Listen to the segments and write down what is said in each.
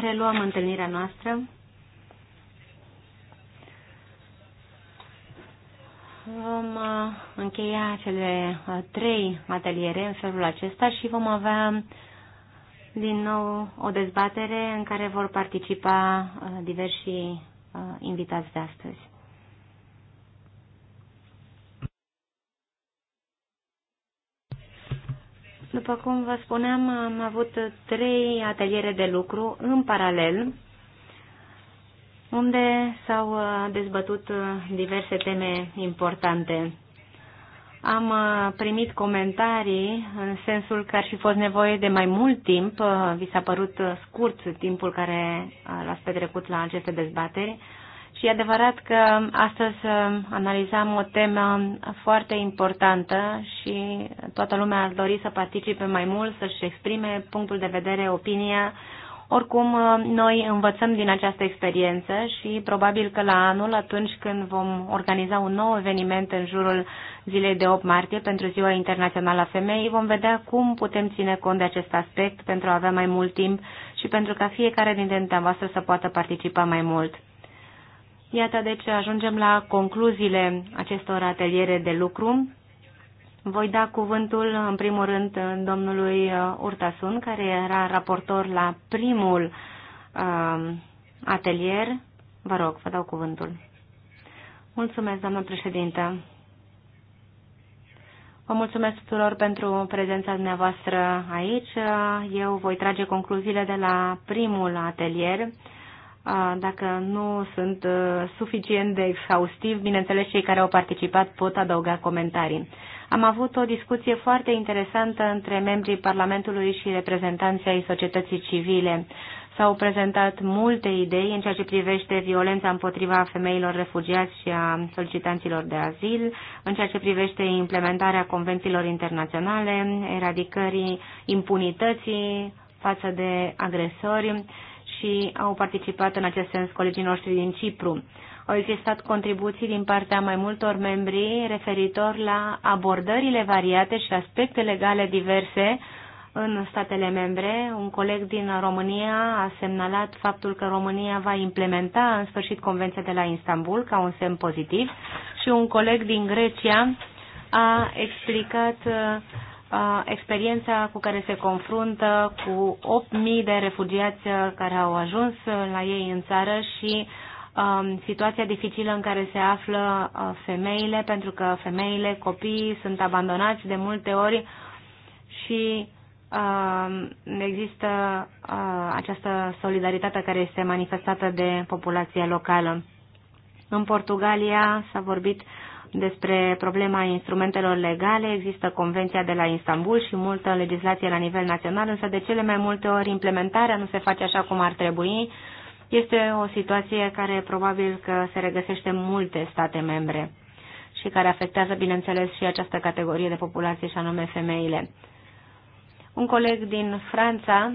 Reluăm întâlnirea noastră. Vom uh, încheia cele uh, trei ateliere în felul acesta și vom avea din nou o dezbatere în care vor participa uh, diversi invitați de astăzi. După cum vă spuneam, am avut trei ateliere de lucru în paralel, unde s-au uh, dezbătut uh, diverse teme importante. Am uh, primit comentarii în sensul că ar fi fost nevoie de mai mult timp, vi s-a părut scurt timpul care l-ați petrecut la aceste dezbateri, și e adevărat că astăzi um, analizam o temă foarte importantă și toată lumea ar dori să participe mai mult, să-și exprime punctul de vedere, opinia. Oricum, um, noi învățăm din această experiență și probabil că la anul, atunci când vom organiza un nou eveniment în jurul zilei de 8 martie pentru Ziua Internațională a Femeii, vom vedea cum putem ține cont de acest aspect pentru a avea mai mult timp și pentru ca fiecare dintre dumneavoastră să poată participa mai mult. Iată, deci ajungem la concluziile acestor ateliere de lucru. Voi da cuvântul, în primul rând, domnului uh, Urtasun, care era raportor la primul uh, atelier. Vă rog, vă dau cuvântul. Mulțumesc, doamnă președintă. Vă mulțumesc tuturor pentru prezența dumneavoastră aici. Eu voi trage concluziile de la primul atelier Ah, dacă nu sunt uh, suficient de exhaustiv, bineînțeles cei care au participat pot adăuga comentarii. Am avut o discuție foarte interesantă între membrii Parlamentului și reprezentanții ai societății civile. S-au prezentat multe idei în ceea ce privește violența împotriva femeilor refugiați și a solicitanților de azil, în ceea ce privește implementarea convențiilor internaționale, eradicării impunității față de agresori și au participat în acest sens colegii noștri din Cipru. Au existat contribuții din partea mai multor membri referitor la abordările variate și aspecte legale diverse în statele membre. Un coleg din România a semnalat faptul că România va implementa în sfârșit Convenția de la Istanbul ca un semn pozitiv și un coleg din Grecia a explicat uh, experiența cu care se confruntă cu 8.000 de refugiați uh, care au ajuns uh, la ei în țară și um, situația dificilă în care se află uh, femeile, pentru că femeile, copiii sunt abandonați de multe ori și um, există această solidaritate care este manifestată de populația locală. În Portugalia s-a vorbit uh, despre problema instrumentelor legale. Există Convenția de la Istanbul și multă legislație la nivel național, însă de cele mai multe ori implementarea nu se face așa cum ar trebui. Este o situație care probabil că se regăsește în multe state membre și care afectează, bineînțeles, și această categorie de populație și anume femeile. Un coleg din Franța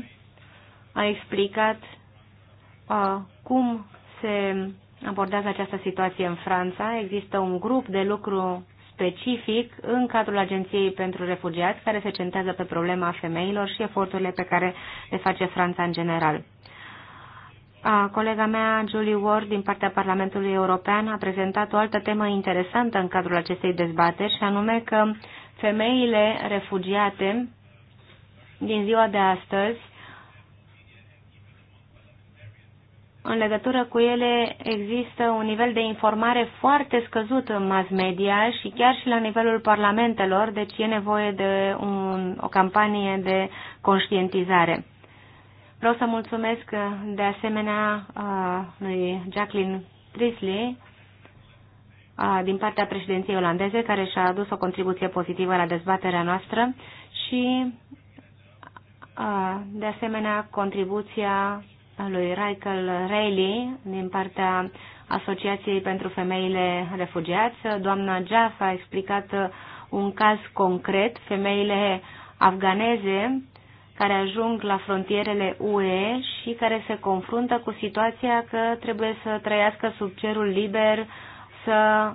a explicat uh, cum se abordează această situație în Franța. Există un grup de lucru specific în cadrul Agenției pentru Refugiați care se centrează pe problema femeilor și eforturile pe care le face Franța în general. Colega mea, Julie Ward, din partea Parlamentului European, a prezentat o altă temă interesantă în cadrul acestei dezbateri, și anume că femeile refugiate din ziua de astăzi în legătură cu ele există un nivel de informare foarte scăzut în mass media și chiar și la nivelul parlamentelor, deci e nevoie de un, o campanie de conștientizare. Vreau să mulțumesc de asemenea lui Jacqueline Prisley din partea președinției olandeze, care și-a adus o contribuție pozitivă la dezbaterea noastră și de asemenea contribuția lui Raichel Reilly din partea Asociației pentru Femeile Refugiați. Doamna Jaff a explicat un caz concret, femeile afganeze care ajung la frontierele UE și care se confruntă cu situația că trebuie să trăiască sub cerul liber, să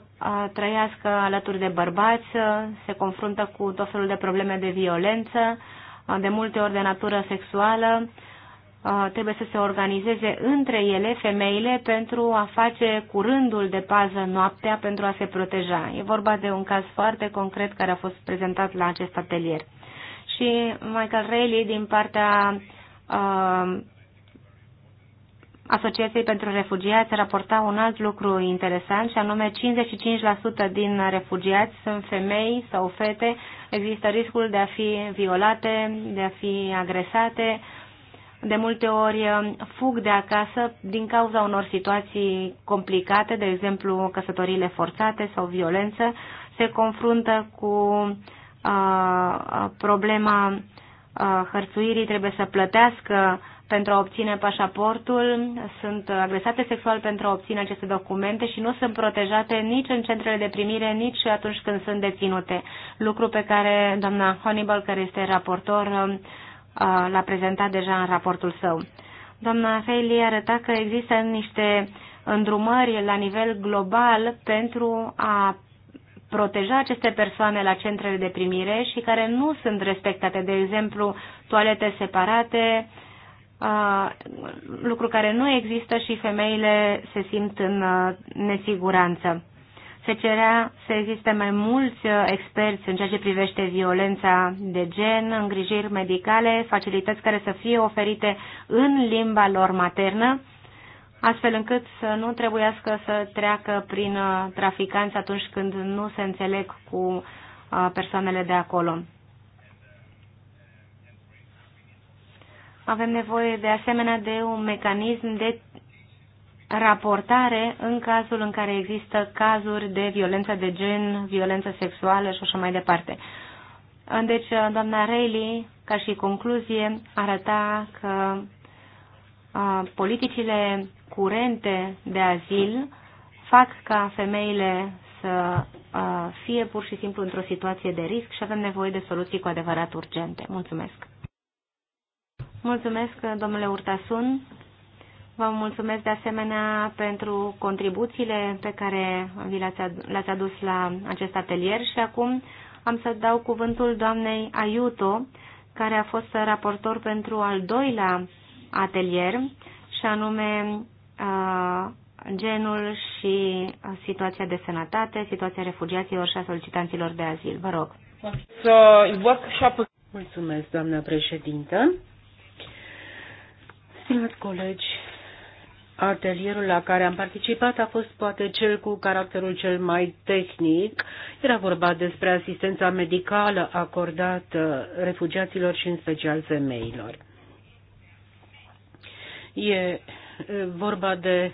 trăiască alături de bărbați, se confruntă cu tot felul de probleme de violență, de multe ori de natură sexuală trebuie să se organizeze între ele femeile pentru a face curândul de pază noaptea pentru a se proteja. E vorba de un caz foarte concret care a fost prezentat la acest atelier. Și Michael Reilly din partea uh, Asociației pentru Refugiați raporta un alt lucru interesant și anume 55% din refugiați sunt femei sau fete, există riscul de a fi violate, de a fi agresate, de multe ori um, fug de acasă din cauza unor situații complicate, de exemplu căsătoriile forțate sau violență, se confruntă cu uh, problema uh, hărțuirii, trebuie să plătească pentru a obține pașaportul, sunt agresate sexual pentru a obține aceste documente și nu sunt protejate nici în centrele de primire, nici atunci când sunt deținute. Lucru pe care doamna Hannibal, care este raportor, uh, l-a prezentat deja în raportul său. Doamna Feili arăta că există niște îndrumări la nivel global pentru a proteja aceste persoane la centrele de primire și care nu sunt respectate, de exemplu, toalete separate, lucru care nu există și femeile se simt în nesiguranță se cerea să existe mai mulți uh, experți în ceea ce privește violența de gen, îngrijiri medicale, facilități care să fie oferite în limba lor maternă, astfel încât să nu trebuiască să treacă prin uh, traficanți atunci când nu se înțeleg cu uh, persoanele de acolo. Avem nevoie de asemenea de un mecanism de raportare în cazul în care există cazuri de violență de gen, violență sexuală și așa mai departe. Deci, doamna Reilly, ca și concluzie, arăta că politicile curente de azil fac ca femeile să fie pur și simplu într-o situație de risc și avem nevoie de soluții cu adevărat urgente. Mulțumesc! Mulțumesc, domnule Urtasun. Vă mulțumesc de asemenea pentru contribuțiile pe care vi le-ați adus la acest atelier și acum am să dau cuvântul doamnei Ayuto, care a fost raportor pentru al doilea atelier, și anume genul și situația de sănătate, situația refugiaților și a solicitanților de azil. Vă rog. Mulțumesc, doamna președintă. Stimați colegi, Atelierul la care am participat a fost poate cel cu caracterul cel mai tehnic. Era vorba despre asistența medicală acordată refugiaților și în special femeilor. E vorba de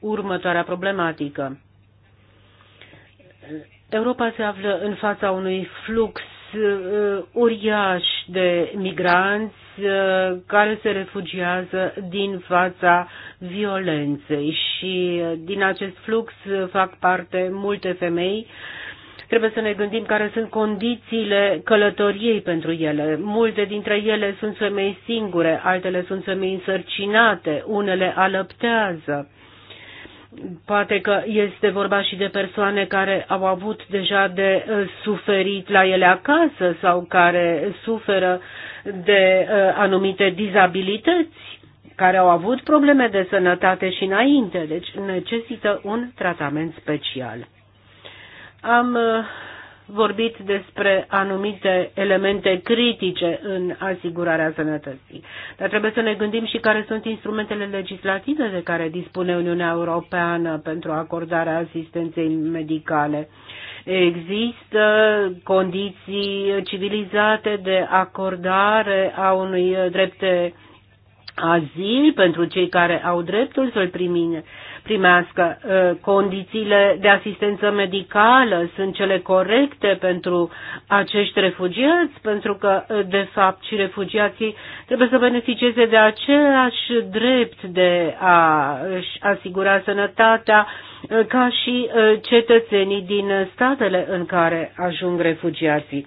următoarea problematică. Europa se află în fața unui flux Uh, uriași de migranți uh, care se refugiază din fața violenței și uh, din acest flux fac parte multe femei. Trebuie să ne gândim care sunt condițiile călătoriei pentru ele. Multe dintre ele sunt femei singure, altele sunt femei însărcinate, unele alăptează Poate că este vorba și de persoane care au avut deja de uh, suferit la ele acasă sau care suferă de uh, anumite dizabilități, care au avut probleme de sănătate și înainte, deci necesită un tratament special. Am uh, vorbit despre anumite elemente critice în asigurarea sănătății. Dar trebuie să ne gândim și care sunt instrumentele legislative de care dispune Uniunea Europeană pentru acordarea asistenței medicale. Există condiții civilizate de acordare a unui drept azil pentru cei care au dreptul să-l primine primească. Uh, condițiile de asistență medicală sunt cele corecte pentru acești refugiați, pentru că, uh, de fapt, și refugiații trebuie să beneficieze de același drept de a-și asigura sănătatea uh, ca și cetățenii din statele în care ajung refugiații.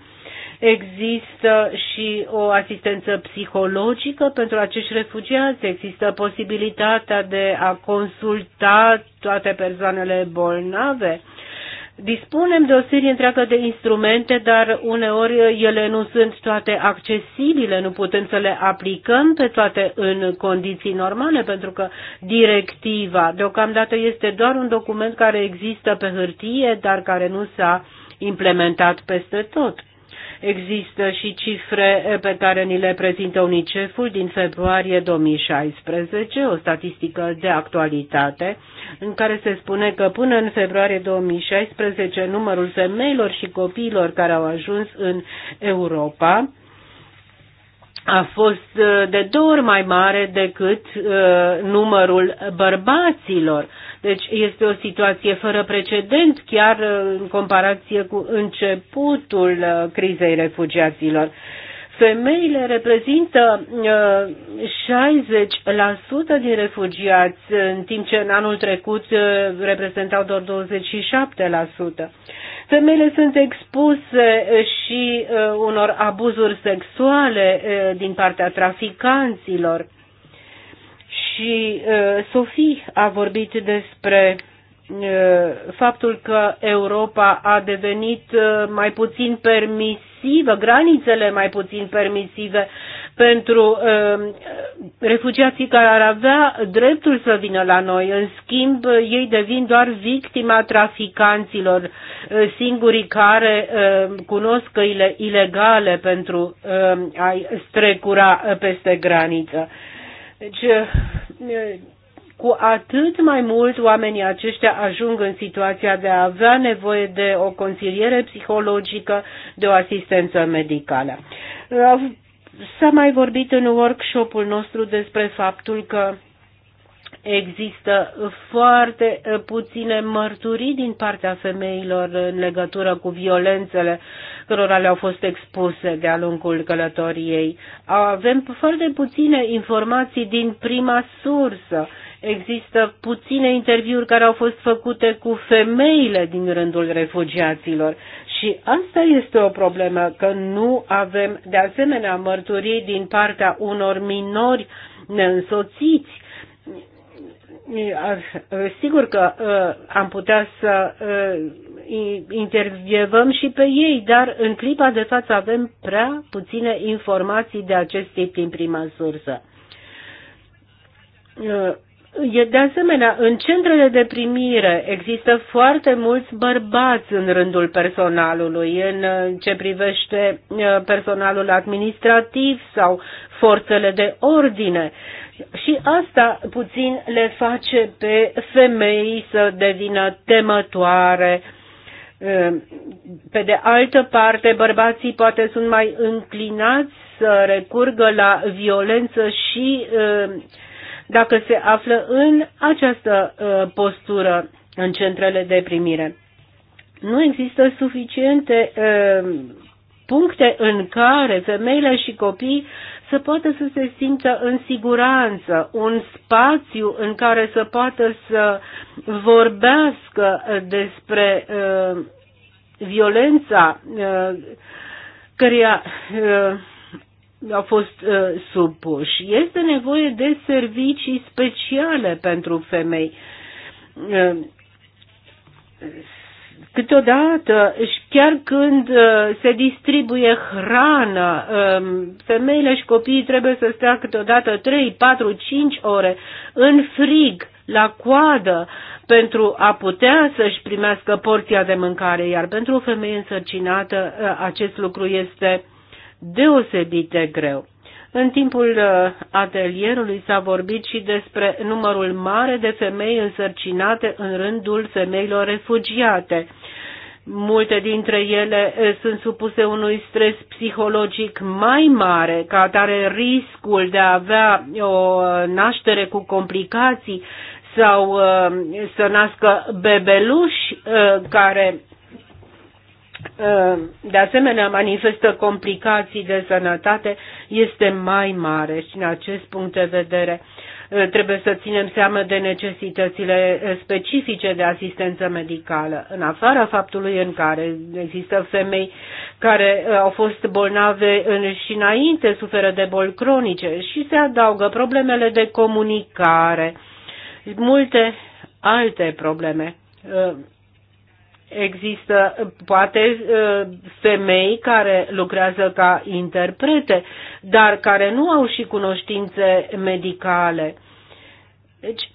Există și o asistență psihologică pentru acești refugiați, există posibilitatea de a consulta toate persoanele bolnave. Dispunem de o serie întreagă de instrumente, dar uneori ele nu sunt toate accesibile, nu putem să le aplicăm pe toate în condiții normale, pentru că directiva deocamdată este doar un document care există pe hârtie, dar care nu s-a implementat peste tot. Există și cifre pe care ni le prezintă UNICEF-ul din februarie 2016, o statistică de actualitate, în care se spune că până în februarie 2016 numărul femeilor și copiilor care au ajuns în Europa a fost uh, de două ori mai mare decât uh, numărul bărbaților. Deci este o situație fără precedent, chiar uh, în comparație cu începutul crizei refugiaților. Femeile reprezintă 60% uh, din refugiați, în timp ce în anul trecut uh, reprezentau doar 27%. Femeile sunt expuse uh, și unor abuzuri sexuale din partea traficanților. Și Sofie a vorbit despre faptul că Europa a devenit mai puțin permis permisivă, granițele mai puțin permisive pentru uh, refugiații care ar avea dreptul să vină la noi. În schimb, ei devin doar victima traficanților, uh, singurii care uh, cunosc căile ilegale pentru uh, a-i strecura uh, peste graniță. Deci, uh, cu atât mai mult oamenii aceștia ajung în situația de a avea nevoie de o consiliere psihologică, de o asistență medicală. S-a mai vorbit în workshopul nostru despre faptul că există foarte puține mărturii din partea femeilor în legătură cu violențele cărora le-au fost expuse de-a lungul călătoriei. Avem foarte puține informații din prima sursă Există puține interviuri care au fost făcute cu femeile din rândul refugiaților și asta este o problemă, că nu avem de asemenea mărturii din partea unor minori neînsoțiți sigur că uh, am putea să uh, intervievăm și pe ei, dar în clipa de față avem prea puține informații de acest tip din prima sursă. Uh, de asemenea, în centrele de primire există foarte mulți bărbați în rândul personalului, în uh, ce privește uh, personalul administrativ sau forțele de ordine. Și asta puțin le face pe femei să devină temătoare. Uh, pe de altă parte, bărbații poate sunt mai înclinați să recurgă la violență și uh, dacă se află în această uh, postură în centrele de primire. Nu există suficiente uh, puncte în care femeile și copii să poată să se simtă în siguranță, un spațiu în care să poată să vorbească despre uh, violența care căreia au fost uh, supuși. Este nevoie de servicii speciale pentru femei. Uh, câteodată, chiar când uh, se distribuie hrană, um, femeile și copiii trebuie să stea câteodată 3, 4, 5 ore în frig, la coadă, pentru a putea să-și primească porția de mâncare, iar pentru o femeie însărcinată uh, acest lucru este uh, deosebit de greu. În timpul uh, atelierului s-a vorbit și despre numărul mare de femei însărcinate în rândul femeilor refugiate. Multe dintre ele uh, sunt supuse unui stres psihologic mai mare, ca atare riscul de a avea o uh, naștere cu complicații sau să nască bebeluși care Uh, de asemenea manifestă complicații de sănătate este mai mare și în acest punct de vedere uh, trebuie să ținem seama de necesitățile uh, specifice de asistență medicală, în afara faptului în care există femei care au fost bolnave și înainte suferă de boli cronice și se adaugă problemele de comunicare, multe alte probleme Există poate ă, femei care lucrează ca interprete, dar care nu au și cunoștințe medicale. Deci,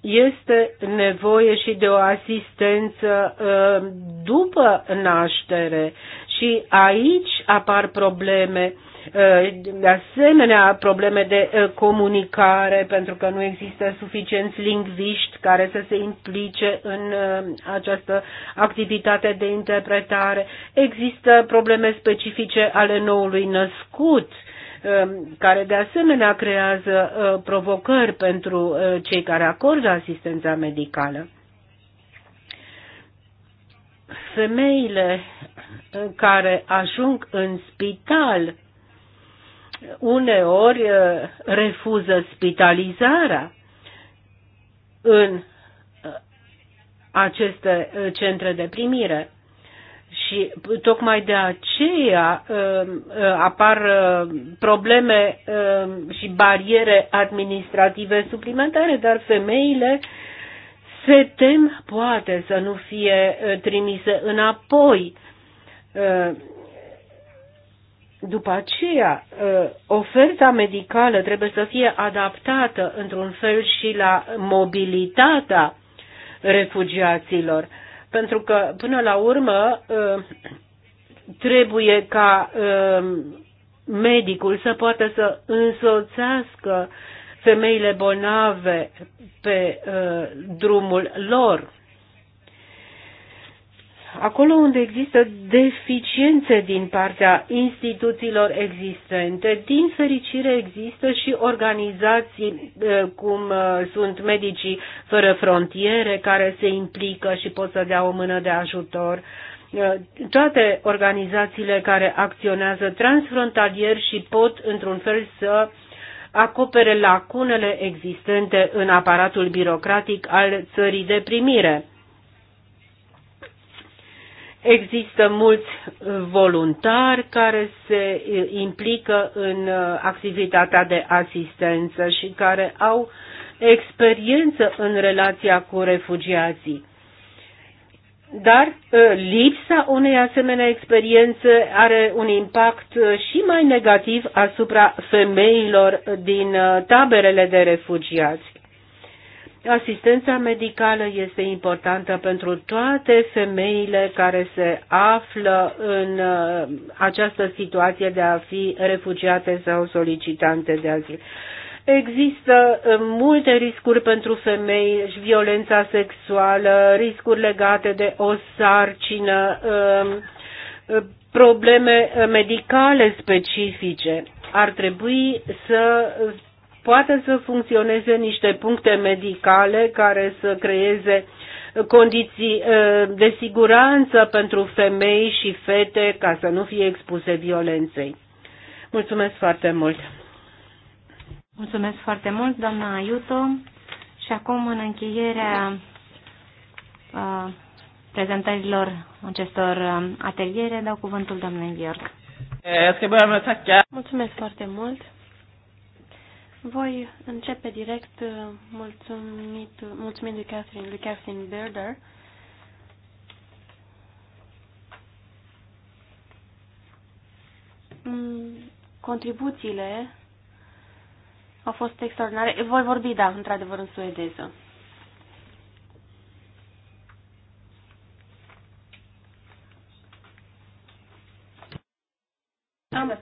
este nevoie și de o asistență ă, după naștere și aici apar probleme Uh, de asemenea, probleme de uh, comunicare, pentru că nu există suficienți lingviști care să se implice în uh, această activitate de interpretare. Există probleme specifice ale noului născut care de asemenea creează provocări pentru cei care acordă asistența medicală. Femeile care ajung în spital uneori uh, refuză spitalizarea în uh, aceste uh, centre de primire. Și tocmai de aceea apar probleme și bariere administrative suplimentare, dar femeile se tem poate să nu fie trimise înapoi după aceea, ă, oferta medicală trebuie să fie adaptată într-un fel și la mobilitatea refugiaților, pentru că, până la urmă, ă, trebuie ca ă, medicul să poată să însoțească femeile bolnave pe drumul lor acolo unde există deficiențe din partea instituțiilor existente, din fericire există și organizații eh, cum eh, sunt medicii fără frontiere care se implică și pot să dea o mână de ajutor. Eh, toate organizațiile care acționează transfrontalier și pot într-un fel să acopere lacunele existente în aparatul birocratic al țării de primire Există mulți uh, voluntari care se uh, implică în uh, activitatea de asistență și care au experiență în relația cu refugiații. Dar lipsa unei asemenea experiențe are un impact și mai negativ asupra femeilor din taberele de refugiați. Asistența medicală este importantă pentru toate femeile care se află în uh, această situație de a fi refugiate sau solicitante de azil. Există uh, multe riscuri pentru femei, violența sexuală, riscuri legate de o sarcină, um, uh, probleme medicale specifice. Ar trebui să Poate să funcționeze niște puncte medicale care să creeze condiții eh, de siguranță pentru femei și fete ca să nu fie expuse violenței. Mulțumesc foarte mult! Mulțumesc foarte mult, doamna Aiuto. Și acum, în încheierea uh, prezentărilor acestor eh, ateliere, dau cuvântul doamnei Gheorg. Mulțumesc foarte mult. Voi începe direct uh, mulțumit, mulțumit lui Catherine, lui Catherine Berder. Mm, contribuțiile au fost extraordinare. Voi vorbi, da, într-adevăr, în suedeză. Am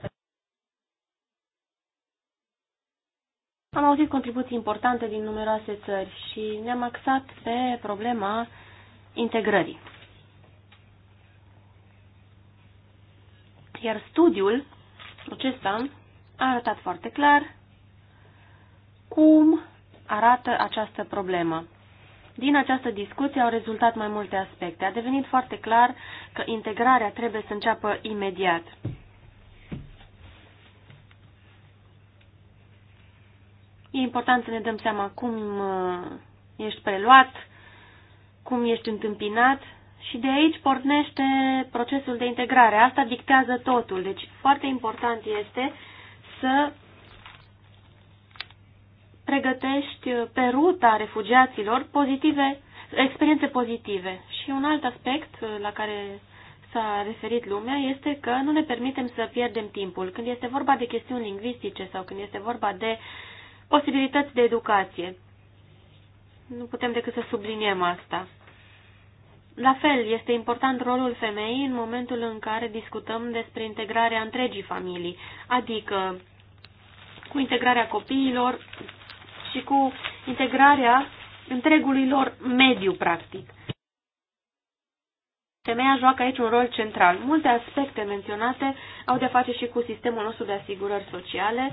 Am auzit contribuții importante din numeroase țări și ne-am axat pe problema integrării. Iar studiul acesta a arătat foarte clar cum arată această problemă. Din această discuție au rezultat mai multe aspecte. A devenit foarte clar că integrarea trebuie să înceapă imediat. E important să ne dăm seama cum uh, ești preluat, cum ești întâmpinat și de aici pornește procesul de integrare. Asta dictează totul. Deci foarte important este să pregătești pe ruta refugiaților pozitive, experiențe pozitive. Și un alt aspect la care s-a referit lumea este că nu ne permitem să pierdem timpul. Când este vorba de chestiuni lingvistice sau când este vorba de uh, posibilități de educație. Nu putem decât să subliniem asta. La fel, este important rolul femeii în momentul în care discutăm despre integrarea întregii familii, adică cu integrarea copiilor și cu integrarea întregului lor mediu, practic. Femeia joacă aici un rol central. Multe aspecte menționate au de face și cu sistemul nostru de asigurări sociale,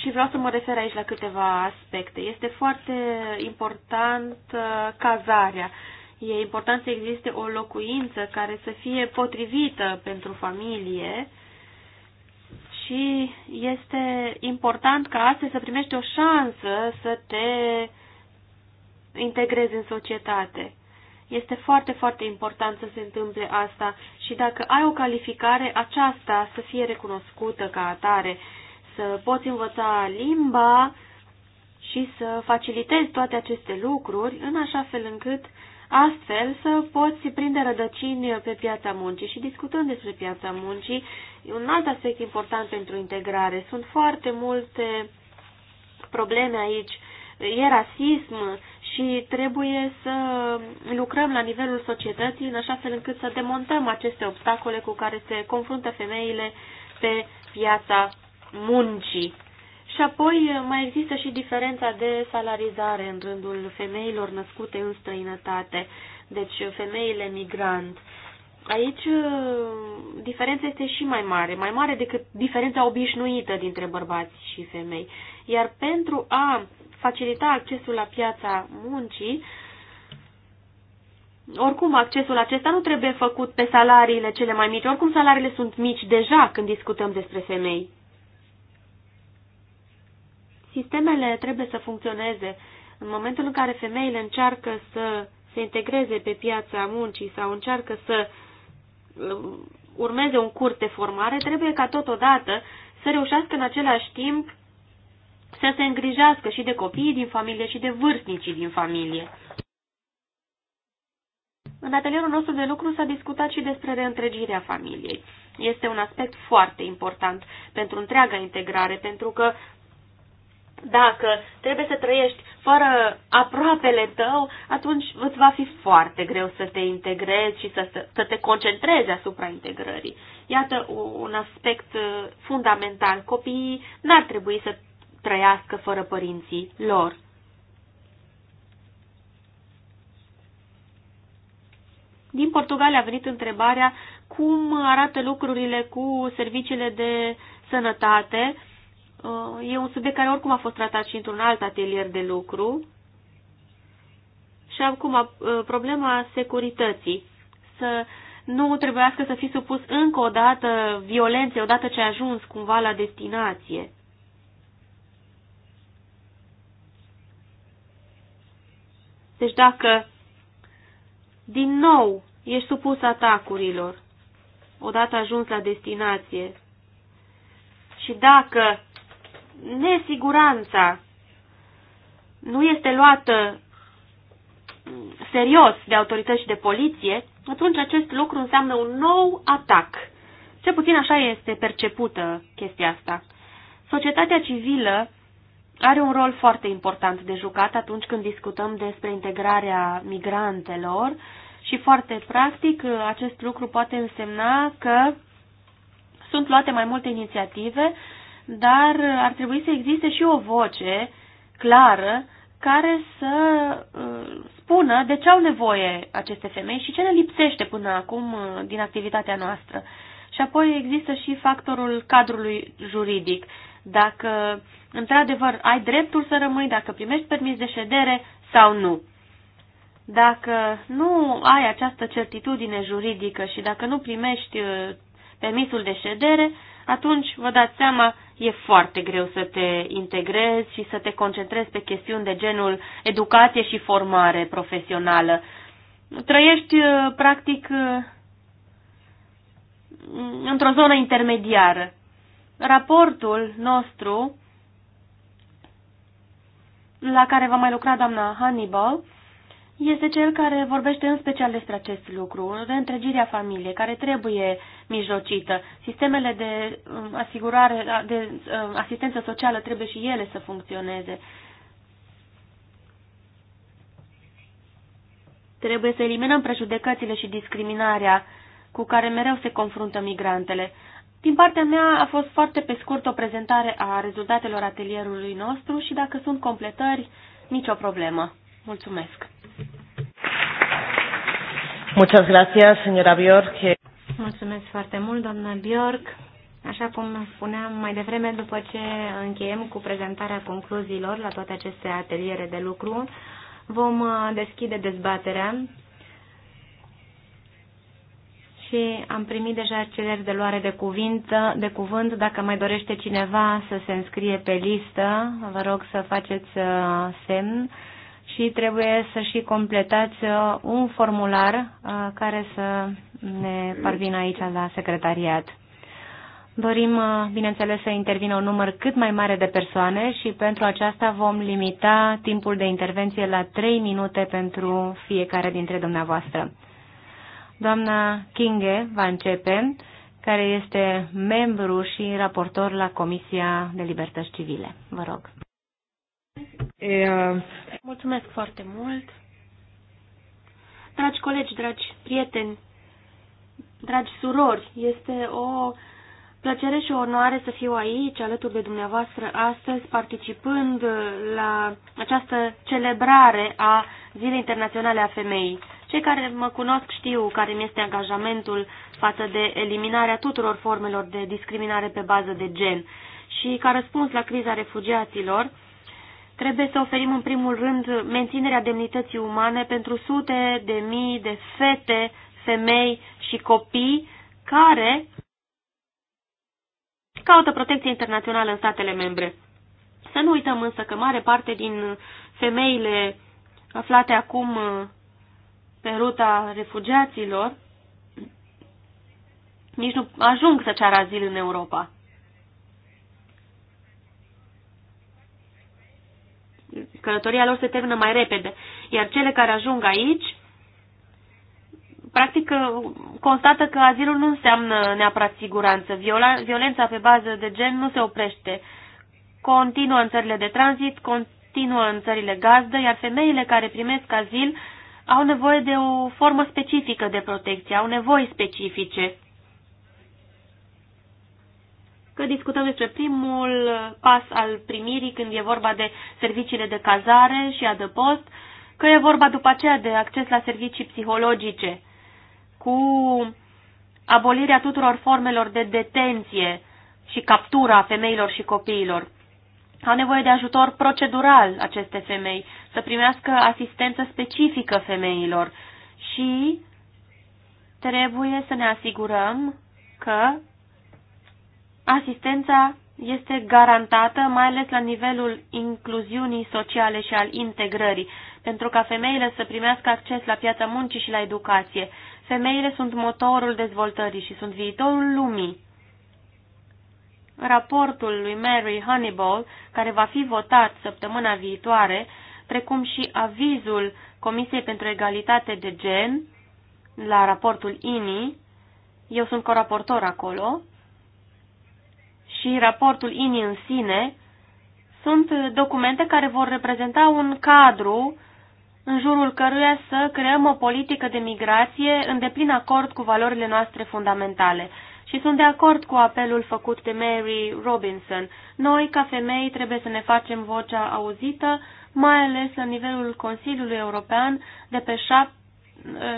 și vreau să mă refer aici la câteva aspecte. Este foarte important uh, cazarea. E important să existe o locuință care să fie potrivită pentru familie și este important ca astăzi să primești o șansă să te integrezi în societate. Este foarte, foarte important să se întâmple asta și dacă ai o calificare, aceasta să fie recunoscută ca atare să poți învăța limba și să facilitezi toate aceste lucruri în așa fel încât astfel să poți prinde rădăcini pe piața muncii. Și discutând despre piața muncii, un alt aspect important pentru integrare. Sunt foarte multe probleme aici. E rasism și trebuie să lucrăm la nivelul societății în așa fel încât să demontăm aceste obstacole cu care se confruntă femeile pe piața muncii. Și apoi eh, mai există și diferența de salarizare în rândul femeilor născute în străinătate, deci eh, femeile migrant. Aici eh, diferența este și mai mare, mai mare decât diferența obișnuită dintre bărbați și femei. Iar pentru a facilita accesul la piața muncii, oricum accesul acesta nu trebuie făcut pe salariile cele mai mici, oricum salariile sunt mici deja când discutăm despre femei. Sistemele trebuie să funcționeze. În momentul în care femeile încearcă să se integreze pe piața muncii sau încearcă să um, urmeze un curs de formare, trebuie ca totodată să reușească în același timp să se îngrijească și de copiii din familie și de vârstnicii din familie. În atelierul nostru de lucru s-a discutat și despre reîntregirea familiei. Este un aspect foarte important pentru întreaga integrare, pentru că dacă trebuie să trăiești fără aproapele tău, atunci îți va fi foarte greu să te integrezi și să, să te concentrezi asupra integrării. Iată un aspect uh, fundamental. Copiii n-ar trebui să trăiască fără părinții lor. Din Portugalia a venit întrebarea cum arată lucrurile cu serviciile de sănătate Uh, e un subiect care oricum a fost tratat și într-un alt atelier de lucru. Și acum, uh, problema securității. Să nu trebuiască să fii supus încă o dată violenței, odată ce ai ajuns cumva la destinație. Deci dacă din nou ești supus atacurilor, odată ajuns la destinație, și dacă nesiguranța nu este luată mm, serios de autorități și de poliție, atunci acest lucru înseamnă un nou atac. Ce puțin așa este percepută chestia asta. Societatea civilă are un rol foarte important de jucat atunci când discutăm despre integrarea migrantelor și foarte practic acest lucru poate însemna că sunt luate mai multe inițiative dar ar trebui să existe și o voce clară care să uh, spună de ce au nevoie aceste femei și ce ne lipsește până acum uh, din activitatea noastră. Și apoi există și factorul cadrului juridic. Dacă, într-adevăr, ai dreptul să rămâi, dacă primești permis de ședere sau nu. Dacă nu ai această certitudine juridică și dacă nu primești uh, permisul de ședere, atunci vă dați seama, e foarte greu să te integrezi și să te concentrezi pe chestiuni de genul educație și formare profesională. Trăiești, uh, practic, uh, într-o zonă intermediară. Raportul nostru, la care va mai lucra doamna Hannibal, este cel care vorbește în special despre acest lucru, reîntregirea familiei, care trebuie mijlocită. Sistemele de um, asigurare, de um, asistență socială trebuie și ele să funcționeze. Trebuie să eliminăm prejudecățile și discriminarea cu care mereu se confruntă migrantele. Din partea mea a fost foarte pe scurt o prezentare a rezultatelor atelierului nostru și dacă sunt completări, nicio problemă. Mulțumesc! Muchas gracias, señora Bjork. Mulțumesc foarte mult, doamnă Bjork. Așa cum spuneam mai devreme, după ce încheiem cu prezentarea concluziilor la toate aceste ateliere de lucru, vom uh, deschide dezbaterea și am primit deja cereri de luare de, cuvintă, de cuvânt. Dacă mai dorește cineva să se înscrie pe listă, vă rog să faceți uh, semn și trebuie să și completați uh, un formular care să ne parvin aici la secretariat. Dorim, uh, bineînțeles, să intervină un număr cât mai mare de persoane și pentru aceasta vom limita timpul de intervenție la 3 minute pentru fiecare dintre dumneavoastră. Doamna Kinge va începe, care este membru și raportor la Comisia de Libertăți Civile. Vă rog. Uh, Mulțumesc foarte mult. Dragi colegi, dragi prieteni, Dragi surori, este o plăcere și o onoare să fiu aici, alături de dumneavoastră, astăzi, participând la această celebrare a Zilei Internaționale a Femeii. Cei care mă cunosc știu care mi este angajamentul față de eliminarea tuturor formelor de discriminare pe bază de gen. Și ca răspuns la criza refugiaților, trebuie să oferim în primul rând menținerea demnității umane pentru sute de mii de fete femei și copii care caută protecție internațională în statele membre. Să nu uităm însă că mare parte din femeile aflate acum uh, pe ruta refugiaților nici nu ajung să ceară azil în Europa. Călătoria lor se termină mai repede, iar cele care ajung aici practic uh, constată că azilul nu înseamnă neapărat siguranță. Viola, violența pe bază de gen nu se oprește. Continuă în țările de tranzit, continuă în țările gazdă, iar femeile care primesc azil au nevoie de o formă specifică de protecție, au nevoi specifice. Că discutăm despre primul pas al primirii când e vorba de serviciile de cazare și adăpost, că e vorba după aceea de acces la servicii psihologice cu abolirea tuturor formelor de detenție și captura femeilor și copiilor. Au nevoie de ajutor procedural aceste femei, să primească asistență specifică femeilor și trebuie să ne asigurăm că asistența este garantată, mai ales la nivelul incluziunii sociale și al integrării, pentru ca femeile să primească acces la piața muncii și la educație. Femeile sunt motorul dezvoltării și sunt viitorul lumii. Raportul lui Mary Honeyball, care va fi votat săptămâna viitoare, precum și avizul Comisiei pentru Egalitate de Gen la raportul INI, eu sunt coraportor acolo, și raportul INI în sine, sunt documente care vor reprezenta un cadru în jurul căruia să creăm o politică de migrație în deplin acord cu valorile noastre fundamentale. Și sunt de acord cu apelul făcut de Mary Robinson. Noi, ca femei, trebuie să ne facem vocea auzită, mai ales la nivelul Consiliului European de pe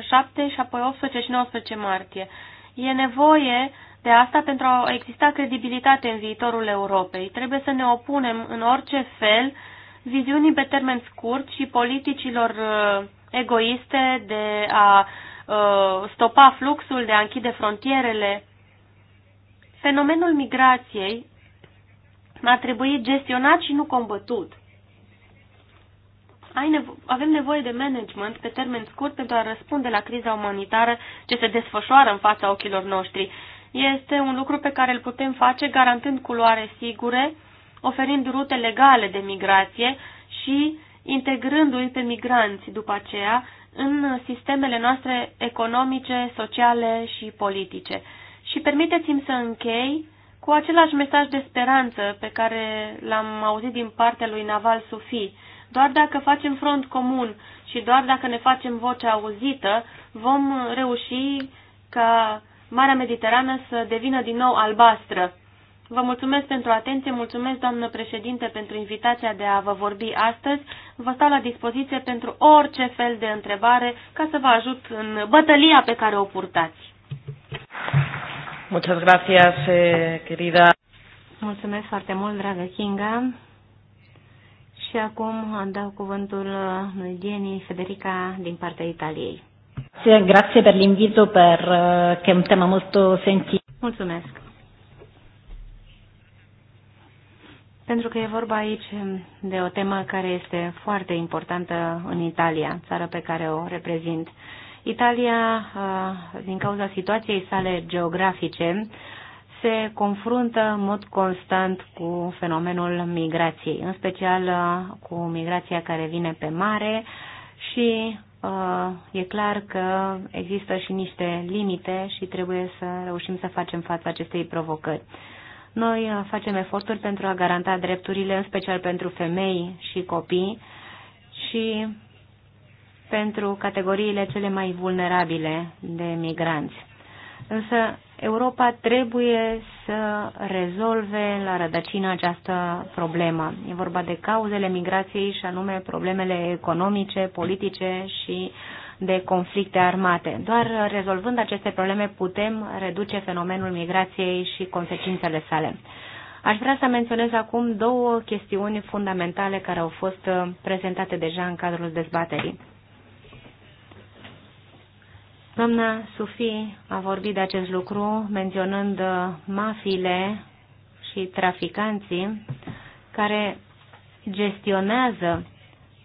7 și apoi 18 și 19 martie. E nevoie de asta pentru a exista credibilitate în viitorul Europei. Trebuie să ne opunem în orice fel uh, viziunii pe termen scurt și politicilor uh, egoiste de a uh, stopa fluxul, de a închide frontierele. Fenomenul migrației ar trebui gestionat și nu combătut. Ai nevo avem nevoie de management pe termen scurt pentru a răspunde la criza umanitară ce se desfășoară în fața ochilor noștri. Este un lucru pe care îl putem face garantând culoare sigure, oferind rute legale de migrație și integrându-i pe migranți după aceea în sistemele noastre economice, sociale și politice. Și permiteți-mi să închei cu același mesaj de speranță pe care l-am auzit din partea lui Naval Sufi. Doar dacă facem front comun și doar dacă ne facem voce auzită, vom reuși ca Marea Mediterană să devină din nou albastră. Vă mulțumesc pentru atenție, mulțumesc, doamnă președinte, pentru invitația de a vă vorbi astăzi. Vă stau la dispoziție pentru orice fel de întrebare ca să vă ajut în bătălia pe care o purtați. Muchas gracias, eh, querida. Mulțumesc foarte mult, dragă Kinga. Și acum am dau cuvântul uh, lui Jenny Federica din partea Italiei. Grazie per l'invito, per, uh, che è un tema molto sentito. Mulțumesc. pentru că e vorba aici de o temă care este foarte importantă în Italia, țara pe care o reprezint. Italia, din cauza situației sale geografice, se confruntă în mod constant cu fenomenul migrației, în special cu migrația care vine pe mare și e clar că există și niște limite și trebuie să reușim să facem față acestei provocări. Noi uh, facem eforturi pentru a garanta drepturile, în special pentru femei și copii și pentru categoriile cele mai vulnerabile de migranți. Însă Europa trebuie să rezolve la rădăcină această problemă. E vorba de cauzele migrației și anume problemele economice, politice și uh, de conflicte armate. Doar rezolvând aceste probleme putem reduce fenomenul migrației și consecințele sale. Aș vrea să menționez acum două chestiuni fundamentale care au fost prezentate deja în cadrul dezbaterii. Doamna Sufi a vorbit de acest lucru menționând mafiile și traficanții care gestionează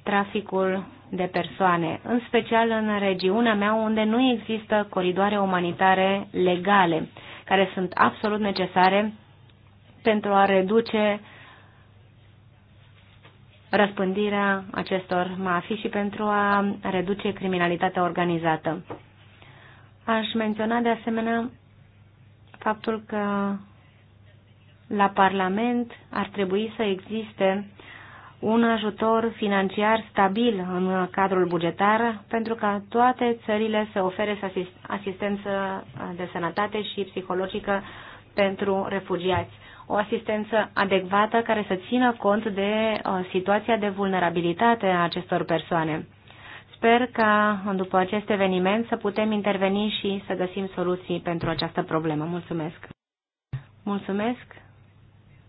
traficul de persoane, în special în regiunea mea unde nu există coridoare umanitare legale, care sunt absolut necesare pentru a reduce răspândirea acestor mafii și pentru a reduce criminalitatea organizată. Aș menționa de asemenea faptul că la Parlament ar trebui să existe un ajutor financiar stabil în cadrul bugetar pentru ca toate țările să ofere asistență de sănătate și psihologică pentru refugiați. O asistență adecvată care să țină cont de uh, situația de vulnerabilitate a acestor persoane. Sper ca după acest eveniment să putem interveni și să găsim soluții pentru această problemă. Mulțumesc! Mulțumesc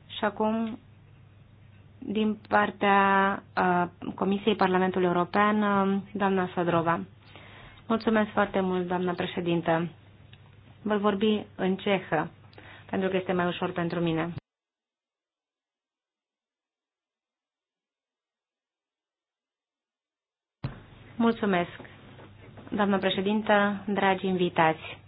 și acum din partea Comisiei Parlamentului European, doamna Sadrova. Mulțumesc foarte mult, doamna președintă. Voi vorbi în cehă, pentru că este mai ușor pentru mine. Mulțumesc, doamna președintă, dragi invitați.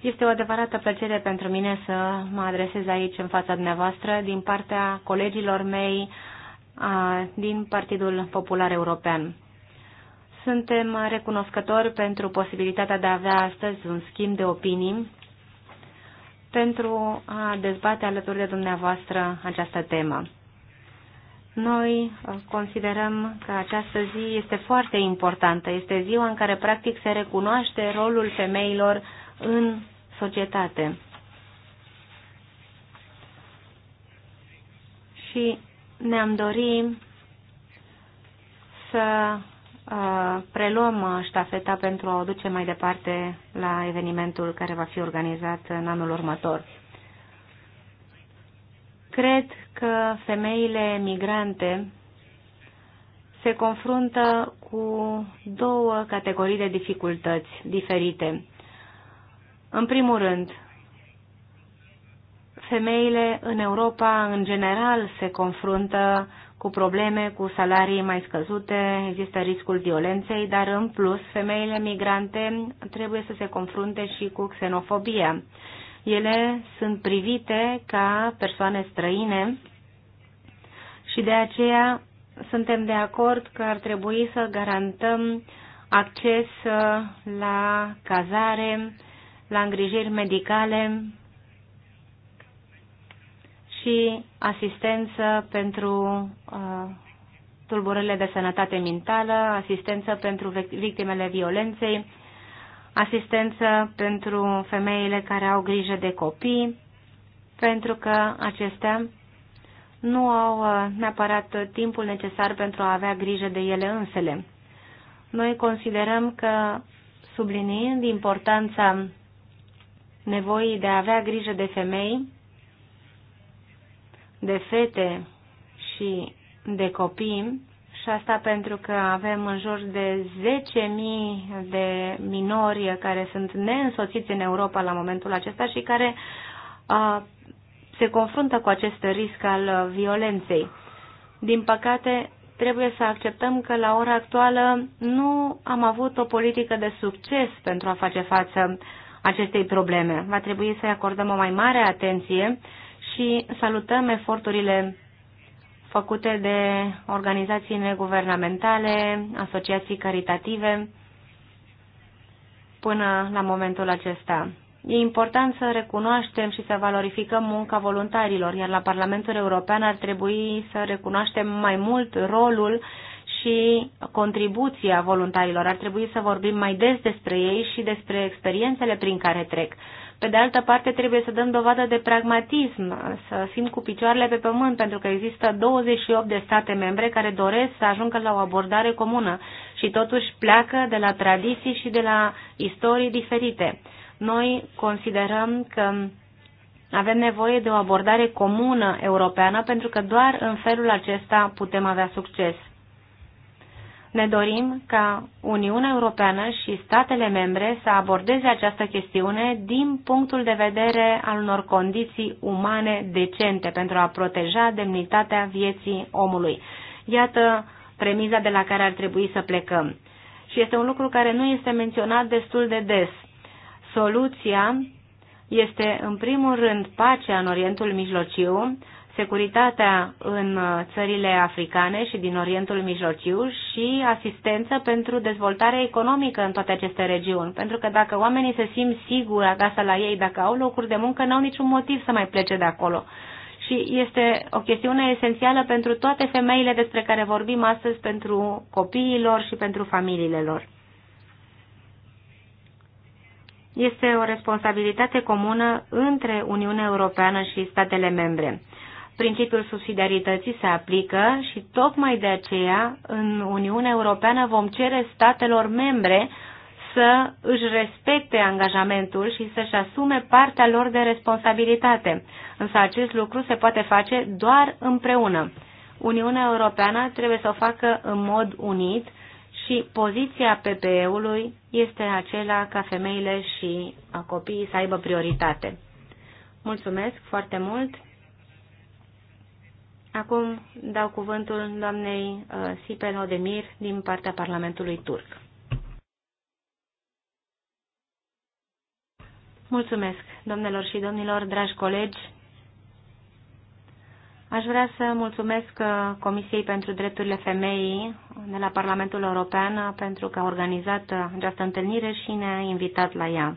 Este o adevărată plăcere pentru mine să mă adresez aici în fața dumneavoastră din partea colegilor mei, din Partidul Popular European. Suntem recunoscători pentru posibilitatea de a avea astăzi un schimb de opinii pentru a dezbate alături de dumneavoastră această temă. Noi uh, considerăm că această zi este foarte importantă. Este ziua în care practic se recunoaște rolul femeilor în societate. Și ne-am dorit să uh, preluăm ștafeta pentru a o duce mai departe la evenimentul care va fi organizat în anul următor. Cred că femeile migrante se confruntă cu două categorii de dificultăți diferite. În primul rând, femeile în Europa, în general, se confruntă cu probleme, cu salarii mai scăzute, există riscul violenței, dar în plus, femeile migrante trebuie să se confrunte și cu xenofobia. Ele sunt privite ca persoane străine și de aceea suntem de acord că ar trebui să garantăm acces la cazare, la îngrijiri medicale și asistență pentru uh, tulburările de sănătate mentală, asistență pentru victimele violenței, asistență pentru femeile care au grijă de copii, pentru că acestea nu au uh, neapărat timpul necesar pentru a avea grijă de ele însele. Noi considerăm că, subliniind importanța nevoii de a avea grijă de femei, de fete și de copii și asta pentru că avem în jur de 10.000 de minori care sunt neînsoțiți în Europa la momentul acesta și care a, se confruntă cu acest risc al violenței. Din păcate, trebuie să acceptăm că la ora actuală nu am avut o politică de succes pentru a face față acestei probleme. Va trebui să-i acordăm o mai mare atenție uh, și salutăm eforturile făcute de organizații neguvernamentale, asociații caritative până la momentul acesta. E important să recunoaștem și să valorificăm munca voluntarilor, iar la Parlamentul European ar trebui să recunoaștem mai mult rolul și contribuția voluntarilor. Ar trebui să vorbim mai des despre ei și despre experiențele prin care trec. Pe de altă parte, trebuie să dăm dovadă de pragmatism, să fim cu picioarele pe pământ, pentru că există 28 de state membre care doresc să ajungă la o abordare comună și totuși pleacă de la tradiții și de la istorii diferite. Noi considerăm că avem nevoie de o abordare comună europeană pentru că doar în felul acesta putem avea succes. Ne dorim ca Uniunea Europeană și statele membre să abordeze această chestiune din punctul de vedere al unor condiții umane decente pentru a proteja demnitatea vieții omului. Iată premiza de la care ar trebui să plecăm. Și este un lucru care nu este menționat destul de des. Soluția este, în primul rând, pacea în Orientul Mijlociu, securitatea în uh, țările africane și din Orientul Mijlociu și asistență pentru dezvoltarea economică în toate aceste regiuni. Pentru că dacă oamenii se simt siguri acasă la ei, dacă au locuri de muncă, n-au niciun motiv să mai plece de acolo. Și este o chestiune esențială pentru toate femeile despre care vorbim astăzi, pentru copiilor și pentru familiile lor. Este o responsabilitate comună între Uniunea Europeană și statele membre principiul subsidiarității se aplică și tocmai de aceea în Uniunea Europeană vom cere statelor membre să își respecte angajamentul și să-și asume partea lor de responsabilitate. Însă acest lucru se poate face doar împreună. Uniunea Europeană trebuie să o facă în mod unit și poziția PPE-ului este acela ca femeile și copiii să aibă prioritate. Mulțumesc foarte mult! Acum dau cuvântul doamnei uh, Sipen Odemir din partea Parlamentului Turc. Mulțumesc, domnilor și domnilor, dragi colegi. Aș vrea să mulțumesc uh, Comisiei pentru Drepturile Femeii de la Parlamentul European pentru că a organizat uh, această întâlnire și ne-a invitat la ea.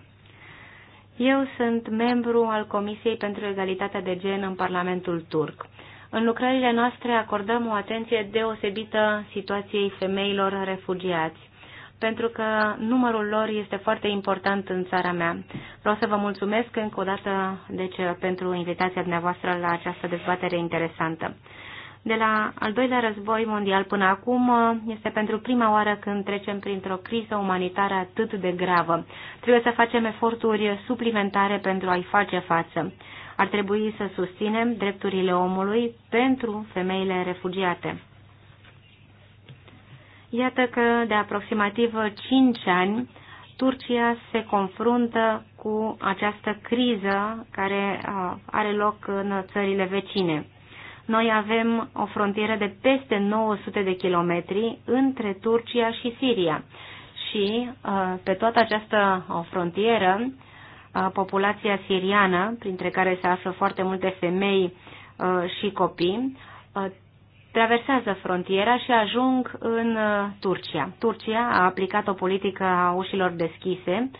Eu sunt membru al Comisiei pentru Egalitatea de Gen în Parlamentul Turc. În lucrările noastre acordăm o atenție deosebită situației femeilor refugiați pentru că numărul lor este foarte important în țara mea. Vreau să vă mulțumesc încă o dată deci, pentru invitația dumneavoastră la această dezbatere interesantă. De la al doilea război mondial până acum este pentru prima oară când trecem printr-o criză umanitară atât de gravă. Trebuie să facem eforturi suplimentare pentru a-i face față. Ar trebui să susținem drepturile omului pentru femeile refugiate. Iată că de aproximativ 5 ani Turcia se confruntă cu această criză care are loc în țările vecine. Noi avem o frontieră de peste 900 de kilometri între Turcia și Siria și pe toată această frontieră populația siriană, printre care se află foarte multe femei uh, și copii, uh, traversează frontiera și ajung în uh, Turcia. Turcia a aplicat o politică a ușilor deschise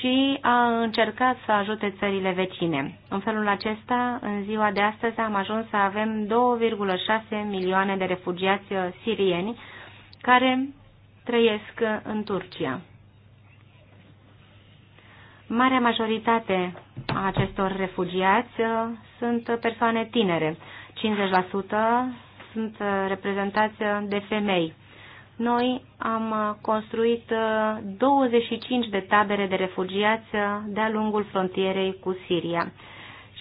și a încercat să ajute țările vecine. În felul acesta, în ziua de astăzi am ajuns să avem 2,6 milioane de refugiați sirieni care trăiesc în Turcia. Marea majoritate a acestor refugiați uh, sunt persoane tinere. 50% sunt uh, reprezentați uh, de femei. Noi am construit 25 de tabere de refugiați de-a lungul frontierei cu Siria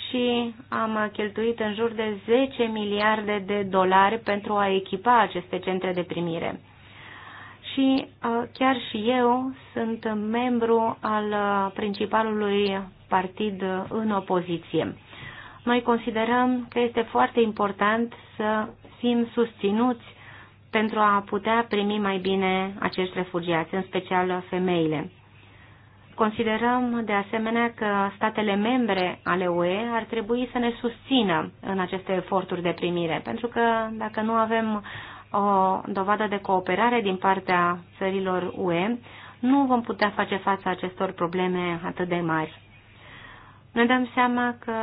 și am cheltuit în jur de 10 miliarde de dolari pentru a echipa aceste centre de primire și uh, chiar și eu sunt membru al uh, principalului partid în opoziție. Noi considerăm că este foarte important să fim susținuți pentru a putea primi mai bine acești refugiați, în special femeile. Considerăm de asemenea că statele membre ale UE ar trebui să ne susțină în aceste eforturi de primire, pentru că dacă nu avem o dovadă de cooperare din partea țărilor UE, nu vom putea face față acestor probleme atât de mari. Ne dăm seama că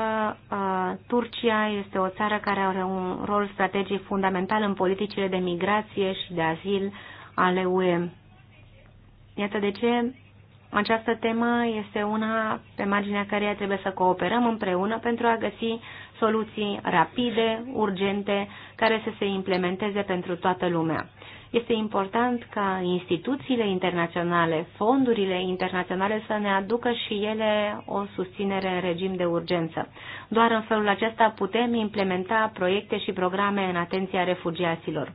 uh, Turcia este o țară care are un rol strategic fundamental în politicile de migrație și de azil ale UE. Iată de ce această temă este una pe marginea căreia trebuie să cooperăm împreună pentru a găsi soluții rapide, urgente, care să se implementeze pentru toată lumea. Este important ca instituțiile internaționale, fondurile internaționale să ne aducă și ele o susținere în regim de urgență. Doar în felul acesta putem implementa proiecte și programe în atenția refugiaților.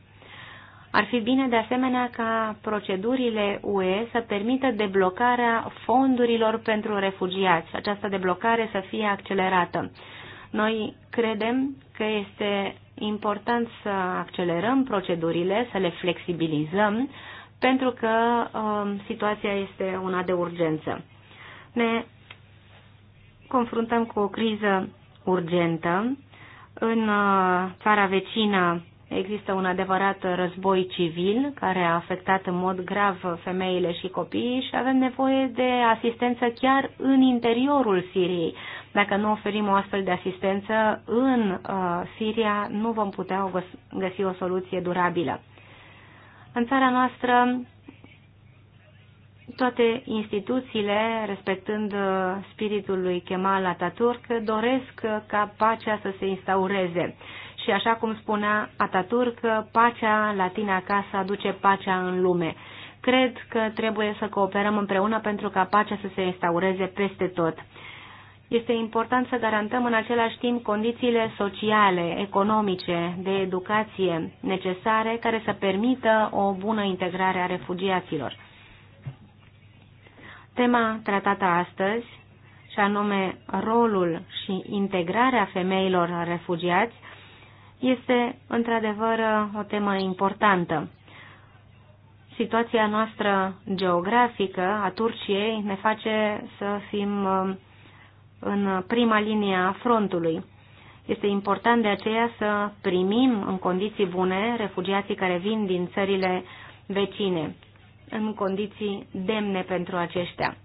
Ar fi bine de asemenea ca procedurile UE să permită deblocarea fondurilor pentru refugiați, această deblocare să fie accelerată. Noi credem că este important să accelerăm procedurile, să le flexibilizăm, pentru că um, situația este una de urgență. Ne confruntăm cu o criză urgentă. În uh, țara vecină există un adevărat război civil care a afectat în mod grav femeile și copiii și avem nevoie de asistență chiar în interiorul Siriei dacă nu oferim o astfel de asistență, în uh, Siria nu vom putea o găsi o soluție durabilă. În țara noastră, toate instituțiile, respectând uh, spiritul lui Kemal Ataturk, doresc uh, ca pacea să se instaureze. Și așa cum spunea Ataturk, uh, pacea la tine acasă aduce pacea în lume. Cred că trebuie să cooperăm împreună pentru ca pacea să se instaureze peste tot. Este important să garantăm în același timp condițiile sociale, economice, de educație necesare care să permită o bună integrare a refugiaților. Tema tratată astăzi, și anume rolul și integrarea femeilor refugiați, este într-adevăr o temă importantă. Situația noastră geografică a Turciei ne face să fim în prima linie a frontului. Este important de aceea să primim în condiții bune refugiații care vin din țările vecine, în condiții demne pentru aceștia.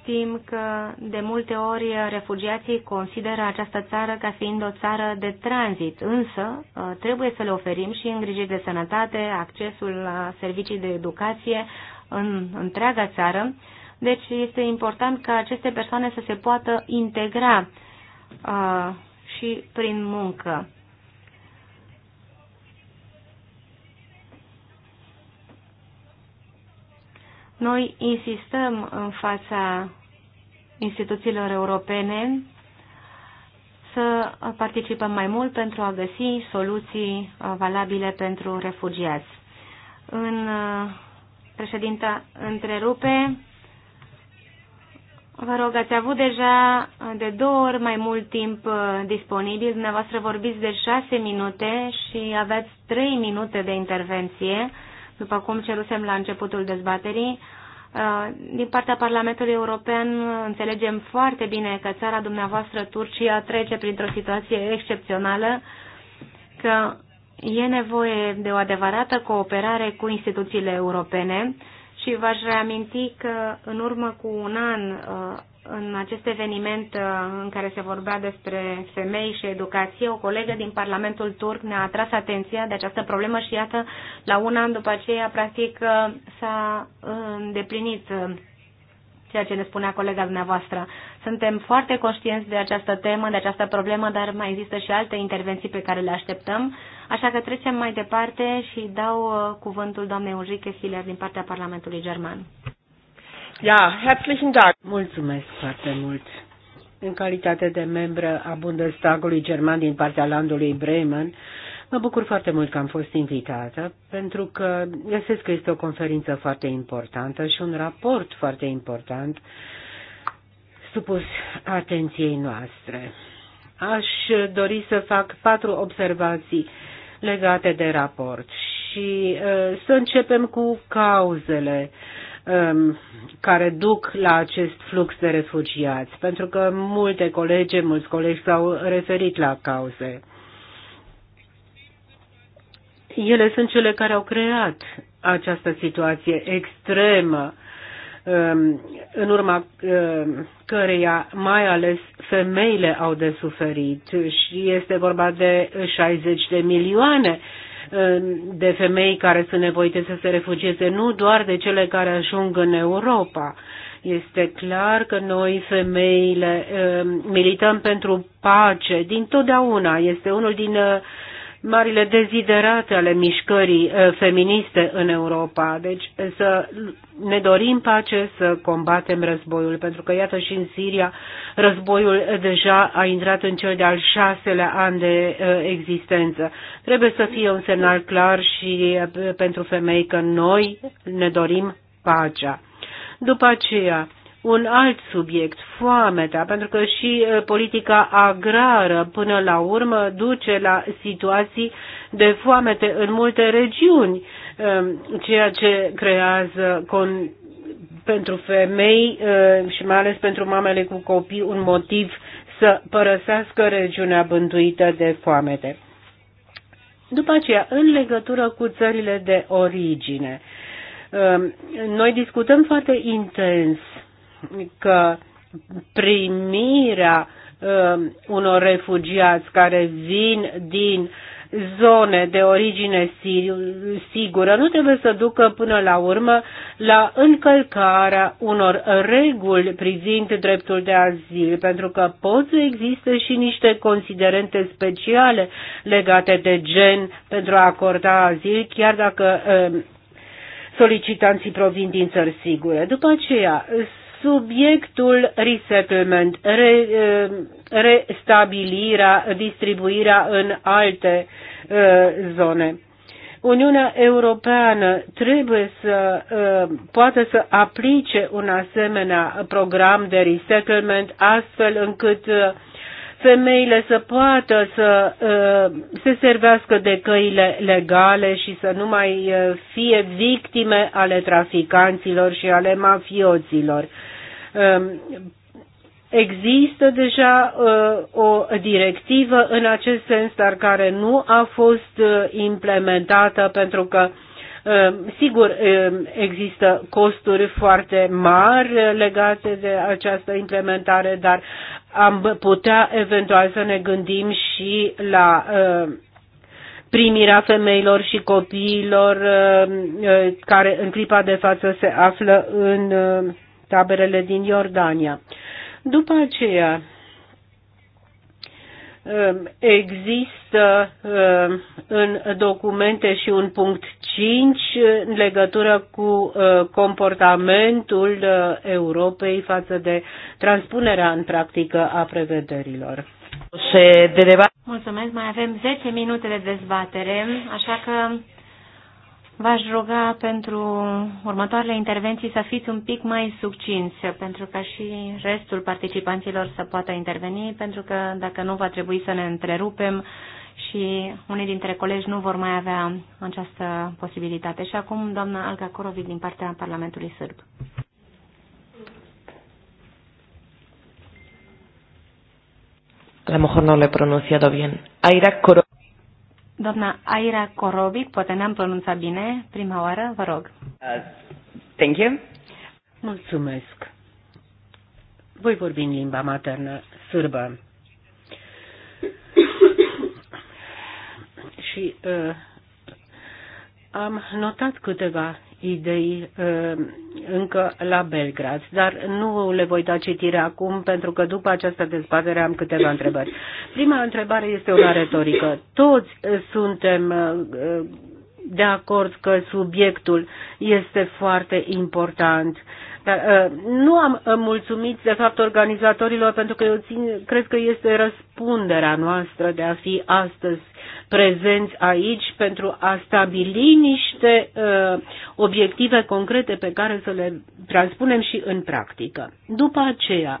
Știm că de multe ori refugiații consideră această țară ca fiind o țară de tranzit, însă ă, trebuie să le oferim și îngrijiri de sănătate, accesul la servicii de educație în întreaga țară deci este important ca aceste persoane să se poată integra uh, și prin muncă. Noi insistăm în fața instituțiilor europene să participăm mai mult pentru a găsi soluții uh, valabile pentru refugiați. În uh, președinta întrerupe. Vă rog, ați avut deja de două ori mai mult timp uh, disponibil. Dumneavoastră vorbiți de șase minute și aveți trei minute de intervenție, după cum cerusem la începutul dezbaterii. Uh, din partea Parlamentului European înțelegem foarte bine că țara dumneavoastră, Turcia, trece printr-o situație excepțională, că e nevoie de o adevărată cooperare cu instituțiile europene și v-aș reaminti că în urmă cu un an, uh, în acest eveniment uh, în care se vorbea despre femei și educație, o colegă din Parlamentul turc ne-a atras atenția de această problemă și iată, la un an după aceea, practic, uh, s-a îndeplinit ceea ce ne spunea colega dumneavoastră. Suntem foarte conștienți de această temă, de această problemă, dar mai există și alte intervenții pe care le așteptăm Așa că trecem mai departe și dau uh, cuvântul doamnei Ulrike Hiller din partea Parlamentului German. Ja, herzlichen Dank. Mulțumesc foarte mult. În calitate de membră a Bundestagului German din partea landului Bremen, mă bucur foarte mult că am fost invitată, pentru că găsesc că este o conferință foarte importantă și un raport foarte important supus atenției noastre. Aș dori să fac patru observații legate de raport și uh, să începem cu cauzele um, care duc la acest flux de refugiați, pentru că multe colege, mulți colegi s-au referit la cauze. Ele sunt cele care au creat această situație extremă Um, în urma um, căreia mai ales femeile au de suferit și este vorba de 60 de milioane um, de femei care sunt nevoite să se refugieze, nu doar de cele care ajung în Europa. Este clar că noi, femeile, milităm pentru pace. Din totdeauna este unul din uh, marile deziderate ale mișcării uh, feministe în Europa. Deci să ne dorim pace, să combatem războiul, pentru că iată și în Siria războiul deja a intrat în cel de-al șaselea an de uh, existență. Trebuie să fie un semnal clar și uh, pentru femei că noi ne dorim pacea. După aceea, un alt subiect, foamea, pentru că și politica agrară până la urmă duce la situații de foamete în multe regiuni, ceea ce creează con- pentru femei și mai ales pentru mamele cu copii un motiv să părăsească regiunea bântuită de foamete. După aceea, în legătură cu țările de origine, noi discutăm foarte intens că primirea uh, unor refugiați care vin din zone de origine sigură nu trebuie să ducă până la urmă la încălcarea unor reguli privind dreptul de azil, pentru că pot să existe și niște considerente speciale legate de gen pentru a acorda azil, chiar dacă uh, solicitanții provin din țări sigure. După aceea, subiectul resettlement, re, eh, restabilirea, distribuirea în alte eh, zone. Uniunea Europeană trebuie să eh, poată să aplice un asemenea program de resettlement astfel încât femeile să poată să se servească de căile legale și să nu mai fie victime ale traficanților și ale mafioților. Um, există deja uh, o directivă în acest sens, dar care nu a fost uh, implementată pentru că, uh, sigur, uh, există costuri foarte mari legate de această implementare, dar am putea eventual să ne gândim și la uh, primirea femeilor și copiilor uh, uh care în clipa de față se află în. Uh, taberele din Iordania. După aceea, um, există um, în documente și un punct 5 în legătură cu uh, comportamentul uh, Europei față de transpunerea în practică a prevederilor. Mulțumesc, mai avem 10 minute de dezbatere, așa că V-aș ruga pentru următoarele intervenții să fiți un pic mai succinți, pentru ca și restul participanților să poată interveni, pentru că dacă nu va trebui să ne întrerupem și unii dintre colegi nu vor mai avea această posibilitate. Și acum, doamna Alga Corovic, din partea Parlamentului Sârb. A lo mejor no lo he pronunciado bien. Aira Coro Doamna Aira Corobic, poate n-am pronunțat bine prima oară, vă rog. Uh, thank you. Mulțumesc. Voi vorbi în limba maternă sârbă. Și uh, am notat câteva idei încă la Belgrad, dar nu le voi da citire acum pentru că după această dezbatere am câteva întrebări. Prima întrebare este una retorică. Toți suntem de acord că subiectul este foarte important. Dar uh, nu am mulțumit, de fapt, organizatorilor, pentru că eu țin, cred că este răspunderea noastră de a fi astăzi prezenți aici pentru a stabili niște uh, obiective concrete pe care să le transpunem și în practică. După aceea,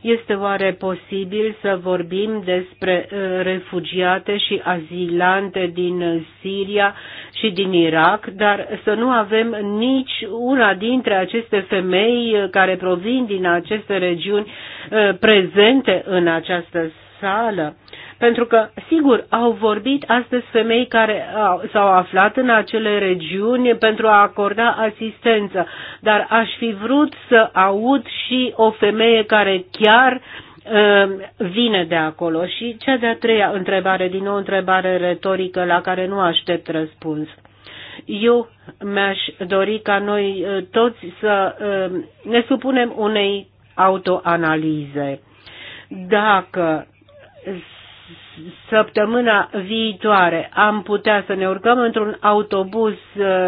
este oare posibil să vorbim despre uh, refugiate și azilante din Siria și din Irak, dar să nu avem nici una dintre aceste femei care provin din aceste regiuni uh, prezente în această sală. Pentru că, sigur, au vorbit astăzi femei care s-au aflat în acele regiuni pentru a acorda asistență, dar aș fi vrut să aud și o femeie care chiar uh, vine de acolo. Și cea de-a treia întrebare, din nou întrebare retorică la care nu aștept răspuns. Eu mi-aș dori ca noi uh, toți să uh, ne supunem unei autoanalize. Dacă săptămâna viitoare am putea să ne urcăm într-un autobuz uh,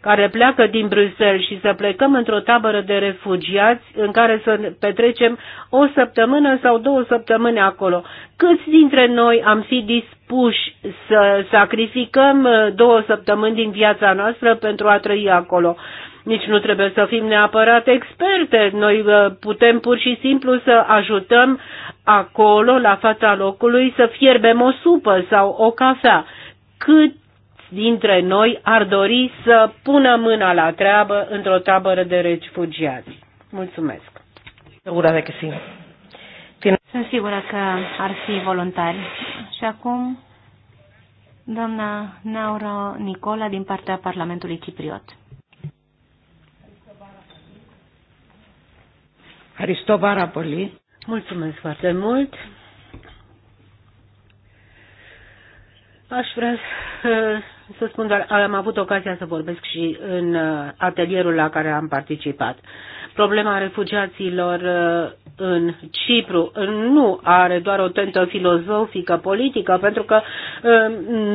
care pleacă din Bruxelles și să plecăm într-o tabără de refugiați în care să petrecem o săptămână sau două săptămâni acolo. Câți dintre noi am fi dispuși să sacrificăm uh, două săptămâni din viața noastră pentru a trăi acolo? Nici nu trebuie să fim neapărat experte, noi uh, putem pur și simplu să ajutăm acolo, la fața locului, să fierbem o supă sau o cafea. Cât dintre noi ar dori să pună mâna la treabă într-o tabără de refugiați? Mulțumesc. Sigură de că sim. Sunt sigură că ar fi voluntari. Și acum, doamna Naura Nicola din partea Parlamentului Cipriot. Ευχαριστώ Poli. Mulțumesc foarte mult. Aș vrea să spun doar, am avut ocazia să vorbesc și în uh, atelierul la care am participat. Problema refugiaților uh, în Cipru uh, nu are doar o tentă filozofică, politică, pentru că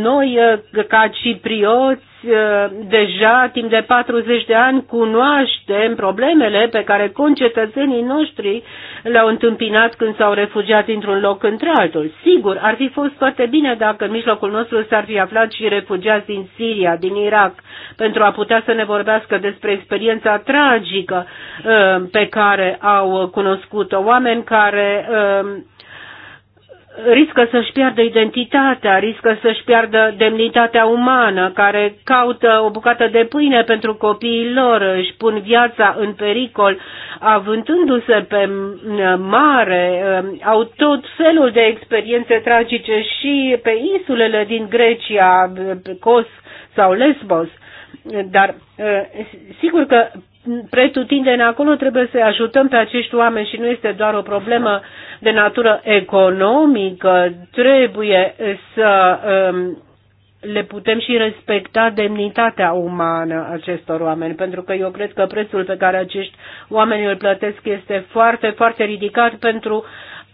noi, ca ciprioți, Uh, deja timp de 40 de ani cunoaștem problemele pe care concetățenii noștri le-au întâmpinat când s-au refugiat dintr-un loc într-altul. Sigur, ar fi fost foarte bine dacă în mijlocul nostru s-ar fi aflat și refugiați din Siria, din Irak, pentru a putea să ne vorbească despre experiența tragică uh, pe care au cunoscut-o. Oameni care uh, riscă să-și piardă identitatea, riscă să-și piardă demnitatea umană, care caută o bucată de pâine pentru copiii lor, își pun viața în pericol, avântându-se pe mare, um, au tot felul de experiențe tragice și pe insulele din Grecia, Kos sau Lesbos. Dar uh, sigur că pretutindeni acolo, trebuie să ajutăm pe acești oameni și nu este doar o problemă de natură economică, trebuie să um, le putem și respecta demnitatea umană acestor oameni, pentru că eu cred că prețul pe care acești oameni îl plătesc este foarte, foarte ridicat pentru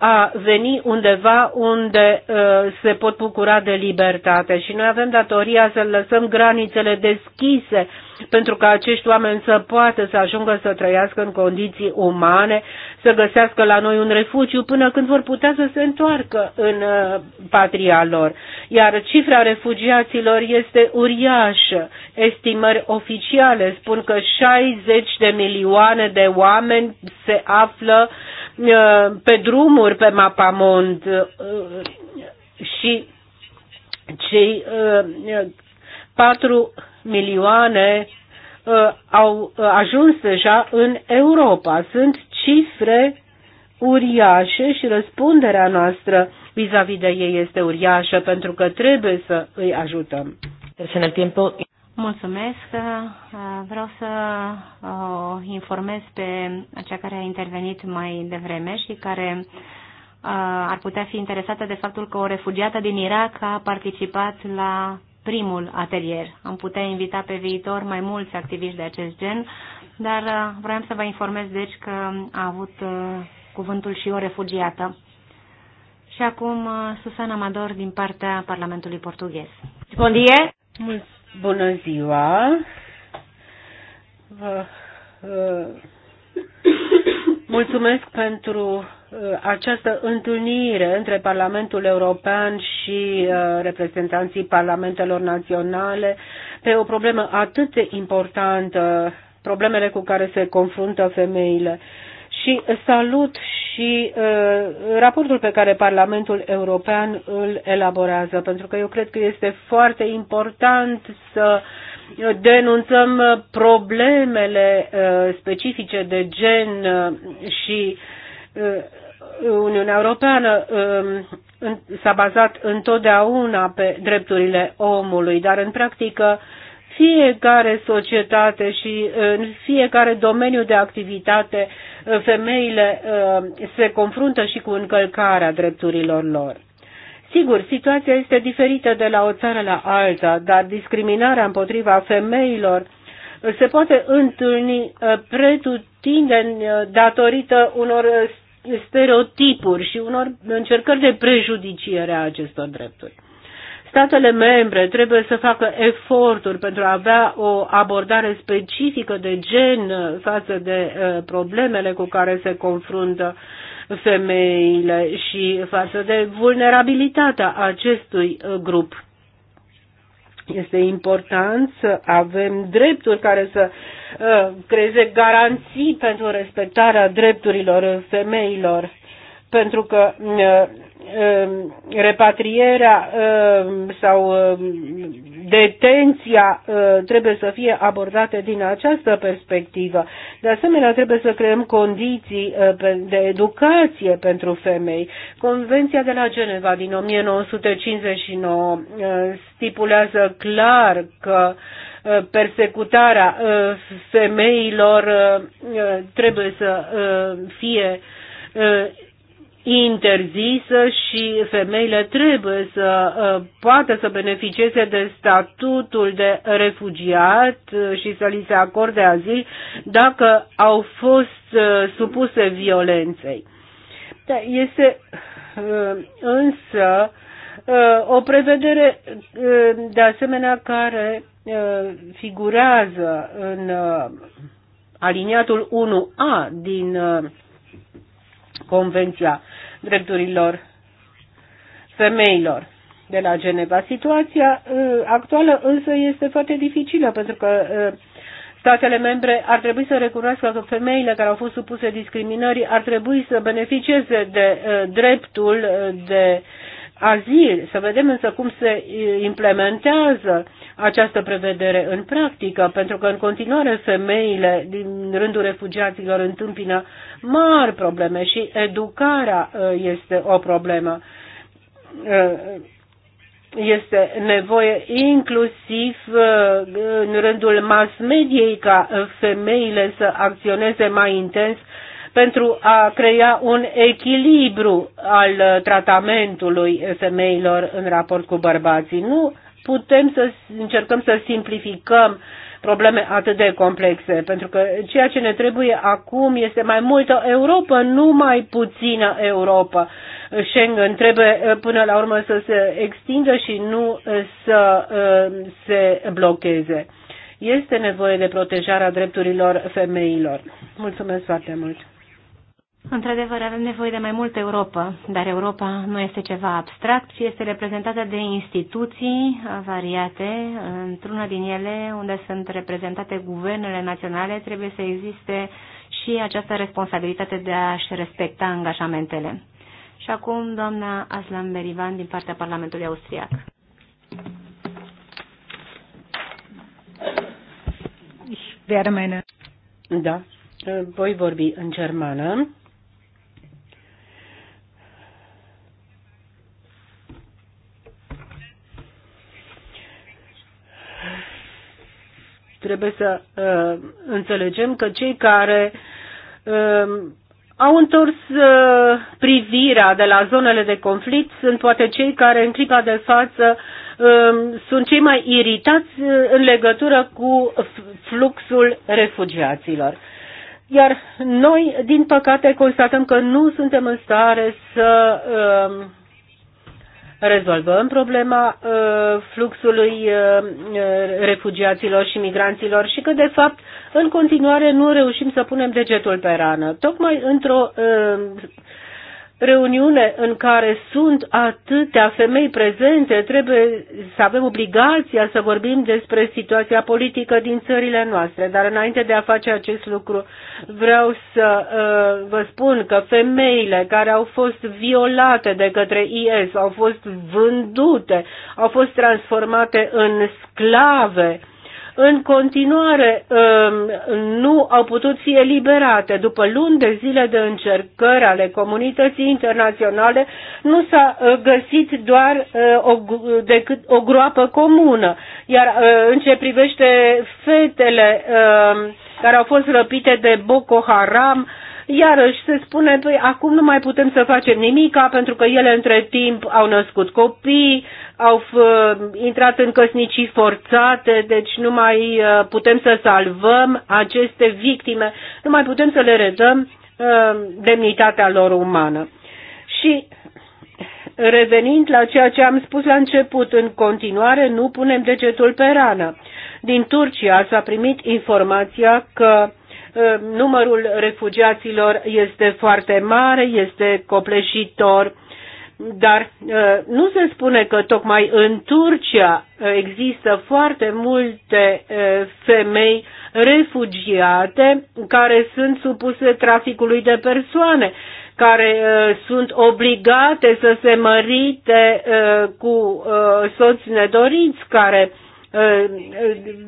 a veni undeva unde uh, se pot bucura de libertate și noi avem datoria să lăsăm granițele deschise pentru ca acești oameni să poată să ajungă să trăiască în condiții umane, să găsească la noi un refugiu până când vor putea să se întoarcă în uh, patria lor. Iar cifra refugiaților este uriașă. Estimări oficiale spun că 60 de milioane de oameni se află uh, Uh, pe drumuri pe Mapamond uh, și cei uh, patru milioane au ajuns deja în Europa. Sunt cifre uriașe și răspunderea noastră vis-a-vis -vis de ei este uriașă pentru că trebuie să îi ajutăm. Mulțumesc. Uh, vreau să uh, informez pe cea care a intervenit mai devreme și care uh, ar putea fi interesată de faptul că o refugiată din Irak a participat la primul atelier. Am putea invita pe viitor mai mulți activiști de acest gen, dar vreau să vă informez deci că a avut cuvântul și o refugiată. Și acum Susana Mador din partea Parlamentului Portughez. Bun dia! Mulțumesc! Bună ziua! Vă uh, mulțumesc pentru uh, această întâlnire între Parlamentul European și uh, reprezentanții parlamentelor naționale pe o problemă atât de importantă, problemele cu care se confruntă femeile. Uh, și salut și uh, raportul pe care Parlamentul European îl elaborează, pentru că eu cred că este foarte important să denunțăm problemele uh, specifice de gen uh, și uh, Uniunea Europeană um, s-a bazat întotdeauna pe drepturile omului, dar în practică fiecare societate și uh, în fiecare domeniu de activitate uh, femeile uh, se confruntă și cu încălcarea drepturilor lor. Sigur, situația este diferită de la o țară la alta, dar discriminarea împotriva femeilor se poate întâlni pretutindeni datorită unor stereotipuri și unor încercări de prejudiciere a acestor drepturi. Statele membre trebuie să facă eforturi pentru a avea o abordare specifică de gen față de uh, problemele cu care se confruntă femeile și față de vulnerabilitatea acestui uh, grup. Este important să avem drepturi care să uh, creeze garanții pentru respectarea drepturilor femeilor pentru că uh, uh, repatrierea uh, sau detenția trebuie să fie abordate din această perspectivă. De asemenea, trebuie să creăm condiții de educație pentru femei. Convenția de la Geneva din 1959 stipulează clar că persecutarea femeilor trebuie să fie interzisă și femeile trebuie să uh, poată să beneficieze de statutul de refugiat uh, și să li se acorde azil dacă au fost uh, supuse violenței. Da, este însă o prevedere de asemenea care figurează în aliniatul 1A din Convenția Drepturilor Femeilor de la Geneva. Situația uh, actuală însă este foarte dificilă pentru că uh, statele membre ar trebui să recunoască că femeile care au fost supuse discriminării ar trebui să beneficieze de uh, dreptul de uh, azil. Să vedem însă cum se implementează această prevedere în practică, pentru că în continuare femeile din rândul refugiaților întâmpină mari probleme și educarea este o problemă. Este nevoie inclusiv în rândul mass mediei ca femeile să acționeze mai intens pentru a crea un echilibru al uh, tratamentului femeilor în raport cu bărbații. Nu putem să încercăm să simplificăm probleme atât de complexe, pentru că ceea ce ne trebuie acum este mai multă Europa, nu mai puțină Europa. Schengen trebuie uh, până la urmă să se extindă și nu uh, să se blocheze. Este nevoie de protejarea drepturilor femeilor. Mulțumesc foarte mult! Într-adevăr, avem nevoie de mai multă Europa, dar Europa nu este ceva abstract, ci este reprezentată de instituții variate. Într-una din ele, unde sunt reprezentate guvernele naționale, trebuie să existe și această responsabilitate de a-și respecta angajamentele. Și acum, doamna Aslan Berivan, din partea Parlamentului Austriac. Da, voi vorbi în germană trebuie să uh, înțelegem că cei care uh, au întors uh, privirea de la zonele de conflict sunt poate cei care în clipa de față uh, sunt cei mai iritați uh, în legătură cu fluxul refugiaților. Iar noi, din păcate, constatăm că nu suntem în stare să uh, rezolvăm problema uh, fluxului uh, uh, refugiaților și migranților și că, de fapt, în continuare nu reușim să punem degetul pe rană. Tocmai într-o reuniune în care sunt atâtea femei prezente, trebuie să avem obligația să vorbim despre situația politică din țările noastre. Dar înainte de a face acest lucru, vreau să uh, vă spun că femeile care au fost violate de către IS, au fost vândute, au fost transformate în sclave, în continuare um, nu au putut fi eliberate. După luni de zile de încercări ale comunității internaționale, nu s-a uh, găsit doar uh, o, decât o groapă comună. Iar uh, în ce privește fetele um, care au fost răpite de Boko Haram, Iarăși se spune, păi acum nu mai putem să facem nimica pentru că ele între timp au născut copii, au uh, intrat în căsnicii forțate, deci nu mai uh, putem să salvăm aceste victime, nu mai putem să le redăm uh, demnitatea lor umană. Și revenind la ceea ce am spus la început, în continuare nu punem degetul pe rană. Din Turcia s-a primit informația că Ă, numărul refugiaților este foarte mare, este copleșitor, dar ă, nu se spune că tocmai în Turcia există foarte multe ă, femei refugiate care sunt supuse traficului de persoane, care sunt obligate să se mărite cu soți nedoriți, care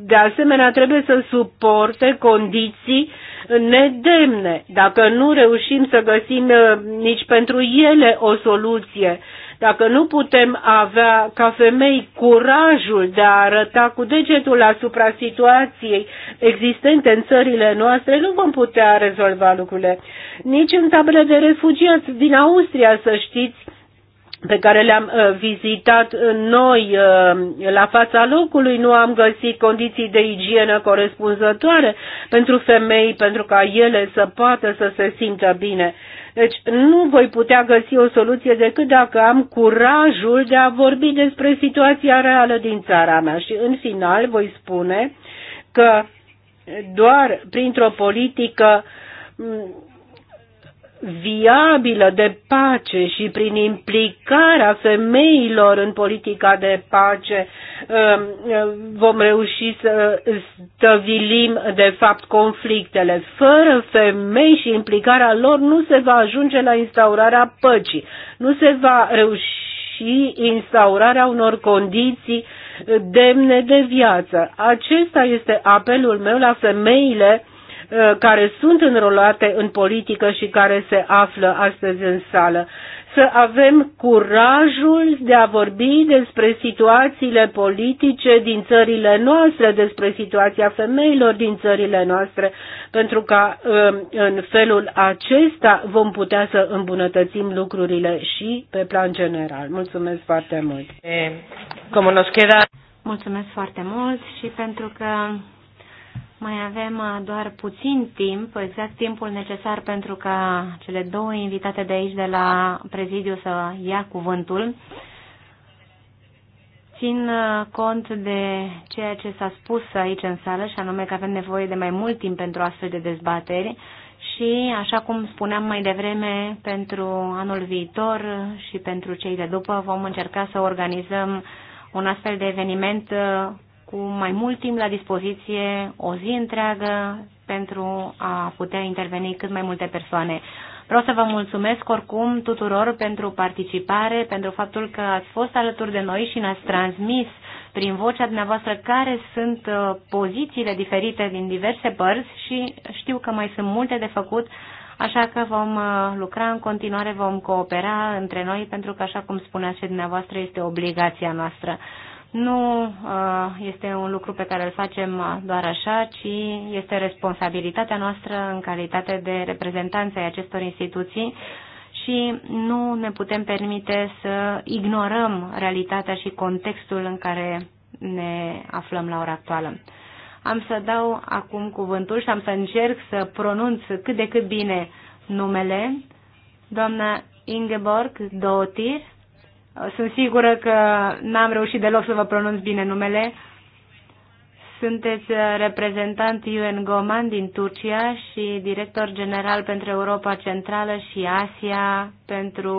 de asemenea trebuie să suporte condiții nedemne. Dacă nu reușim să găsim uh, nici pentru ele o soluție, dacă nu putem avea ca femei curajul de a arăta cu degetul asupra situației existente în țările noastre, nu vom putea rezolva lucrurile. Nici în tabele de refugiați din Austria, să știți, pe care le-am uh, vizitat noi uh, la fața locului, nu am găsit condiții de igienă corespunzătoare pentru femei, pentru ca ele să poată să se simtă bine. Deci nu voi putea găsi o soluție decât dacă am curajul de a vorbi despre situația reală din țara mea. Și în final voi spune că doar printr-o politică viabilă de pace și prin implicarea femeilor în politica de pace um, um, vom reuși să stăvilim de fapt conflictele. Fără femei și implicarea lor nu se va ajunge la instaurarea păcii, nu se va reuși instaurarea unor condiții demne de viață. Acesta este apelul meu la femeile Uh, care sunt înrolate în politică și care se află astăzi în sală. Să avem curajul de a vorbi despre situațiile politice din țările noastre, despre situația femeilor din țările noastre, pentru că uh, în felul acesta vom putea să îmbunătățim lucrurile și pe plan general. Mulțumesc foarte mult! Eh, Mulțumesc foarte mult și pentru că mai avem uh, doar puțin timp, exact timpul necesar pentru ca cele două invitate de aici de la prezidiu să ia cuvântul. Țin uh, cont de ceea ce s-a spus aici în sală și anume că avem nevoie de mai mult timp pentru astfel de dezbateri și, așa cum spuneam mai devreme, pentru anul viitor și pentru cei de după vom încerca să organizăm un astfel de eveniment uh, cu mai mult timp la dispoziție, o zi întreagă, pentru a putea interveni cât mai multe persoane. Vreau să vă mulțumesc oricum tuturor pentru participare, pentru faptul că ați fost alături de noi și ne-ați transmis prin vocea dumneavoastră care sunt uh, pozițiile diferite din diverse părți și știu că mai sunt multe de făcut, așa că vom uh, lucra în continuare, vom coopera între noi, pentru că, așa cum spuneați și dumneavoastră, este obligația noastră nu uh, este un lucru pe care îl facem uh, doar așa, ci este responsabilitatea noastră în calitate de reprezentanți ai acestor instituții și nu ne putem permite să ignorăm realitatea și contextul în care ne aflăm la ora actuală. Am să dau acum cuvântul și am să încerc să pronunț cât de cât bine numele. Doamna Ingeborg Dotir, sunt sigură că n-am reușit deloc să vă pronunț bine numele. Sunteți uh, reprezentant UN Goman din Turcia și director general pentru Europa Centrală și Asia pentru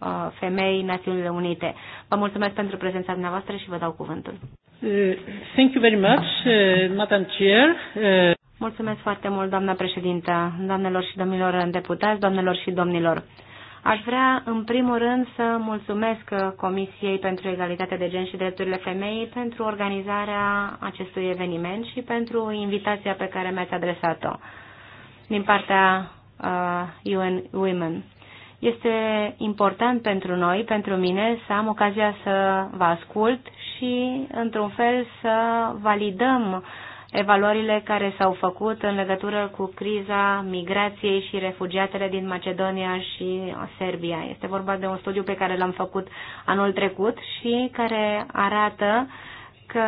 uh, Femei Națiunile Unite. Vă mulțumesc pentru prezența dumneavoastră și vă dau cuvântul. Uh, thank you very much, Madam Chair. Mulțumesc foarte mult, doamna președintă, doamnelor și domnilor deputați, doamnelor și domnilor. Aș vrea, în primul rând, să mulțumesc Comisiei pentru Egalitatea de Gen și Drepturile Femeii pentru organizarea acestui eveniment și pentru invitația pe care mi-ați adresat-o din partea uh, UN Women. Este important pentru noi, pentru mine, să am ocazia să vă ascult și, într-un fel, să validăm uh, evaluările care s-au făcut în legătură cu criza migrației și refugiatele din Macedonia și Serbia. Este vorba de un studiu pe care l-am făcut anul trecut și care arată că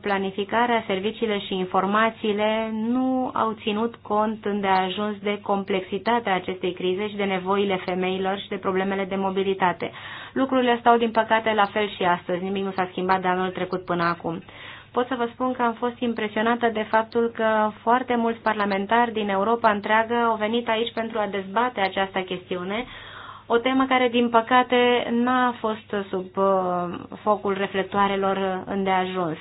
planificarea, serviciile și informațiile nu au ținut cont de ajuns de complexitatea acestei crize și de nevoile femeilor și de problemele de mobilitate. Lucrurile stau, din păcate, la fel și astăzi. Nimic nu s-a schimbat de anul trecut până acum pot să vă spun că am fost impresionată de faptul că foarte mulți parlamentari din Europa întreagă au venit aici pentru a dezbate această chestiune, o temă care, din păcate, n-a fost sub uh, focul reflectoarelor îndeajuns.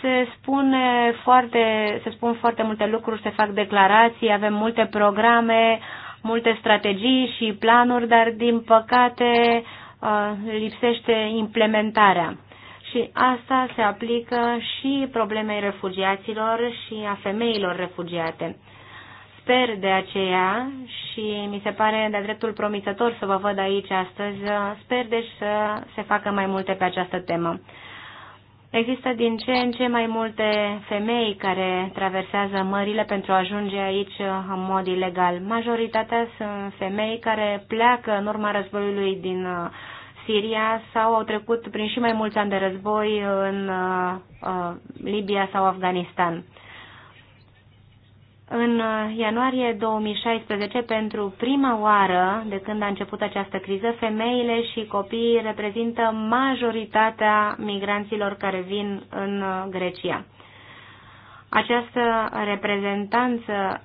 Se, spune foarte, se spun foarte multe lucruri, se fac declarații, avem multe programe, multe strategii și planuri, dar, din păcate, uh, lipsește implementarea și asta se aplică și problemei refugiaților și a femeilor refugiate. Sper de aceea și mi se pare de dreptul promițător să vă văd aici astăzi, sper deci să se facă mai multe pe această temă. Există din ce în ce mai multe femei care traversează mările pentru a ajunge aici în mod ilegal. Majoritatea sunt femei care pleacă în urma războiului din Siria sau au trecut prin și mai mulți ani de război în uh, uh, Libia sau Afganistan. În uh, ianuarie 2016, pentru prima oară de când a început această criză, femeile și copiii reprezintă majoritatea migranților care vin în uh, Grecia. Această reprezentanță,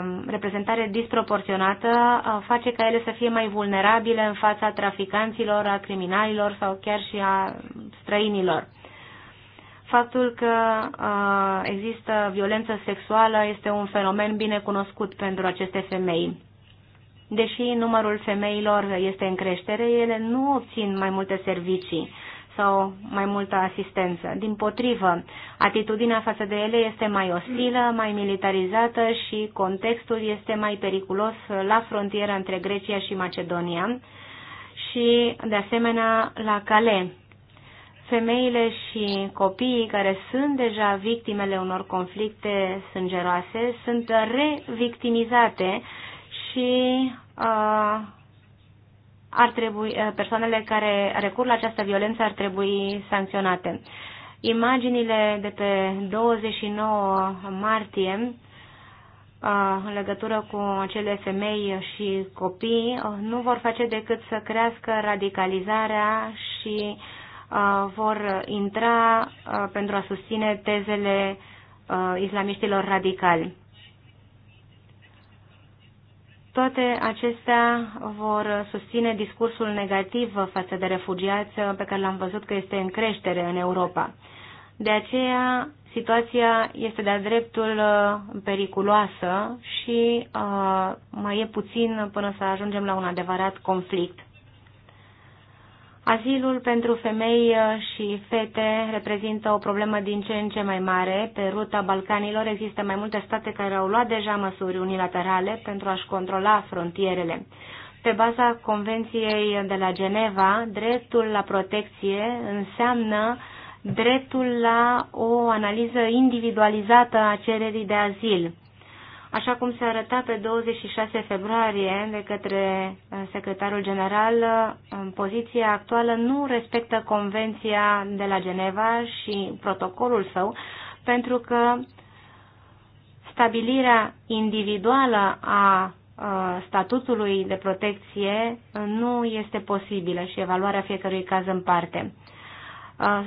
um, reprezentare disproporționată uh, face ca ele să fie mai vulnerabile în fața traficanților, a criminalilor sau chiar și a străinilor. Faptul că uh, există violență sexuală este un fenomen bine cunoscut pentru aceste femei. Deși numărul femeilor este în creștere, ele nu obțin mai multe servicii sau mai multă asistență. Din potrivă, atitudinea față de ele este mai ostilă, mai militarizată și contextul este mai periculos la frontiera între Grecia și Macedonia și, de asemenea, la Cale. Femeile și copiii care sunt deja victimele unor conflicte sângeroase sunt revictimizate și uh, ar trebui, eh, persoanele care recur la această violență ar trebui sancționate. Imaginile de pe 29 martie eh, în legătură cu acele femei și copii eh, nu vor face decât să crească radicalizarea și vor intra pentru a susține tezele islamiștilor radicali. Toate acestea vor susține discursul negativ față de refugiați pe care l-am văzut că este în creștere în Europa. De aceea, situația este de-a dreptul uh, periculoasă și uh, mai e puțin până să ajungem la un adevărat conflict. Azilul pentru femei uh, și fete reprezintă o problemă din ce în ce mai mare. Pe ruta Balcanilor există mai multe state care au luat deja măsuri unilaterale pentru a-și controla frontierele. Pe baza Convenției de la Geneva, dreptul la protecție înseamnă dreptul la o analiză individualizată a cererii de azil așa cum se arăta pe 26 februarie de către uh, secretarul general, uh, poziția actuală nu respectă Convenția de la Geneva și protocolul său, pentru că stabilirea individuală a uh, statutului de protecție nu este posibilă și evaluarea fiecărui caz în parte.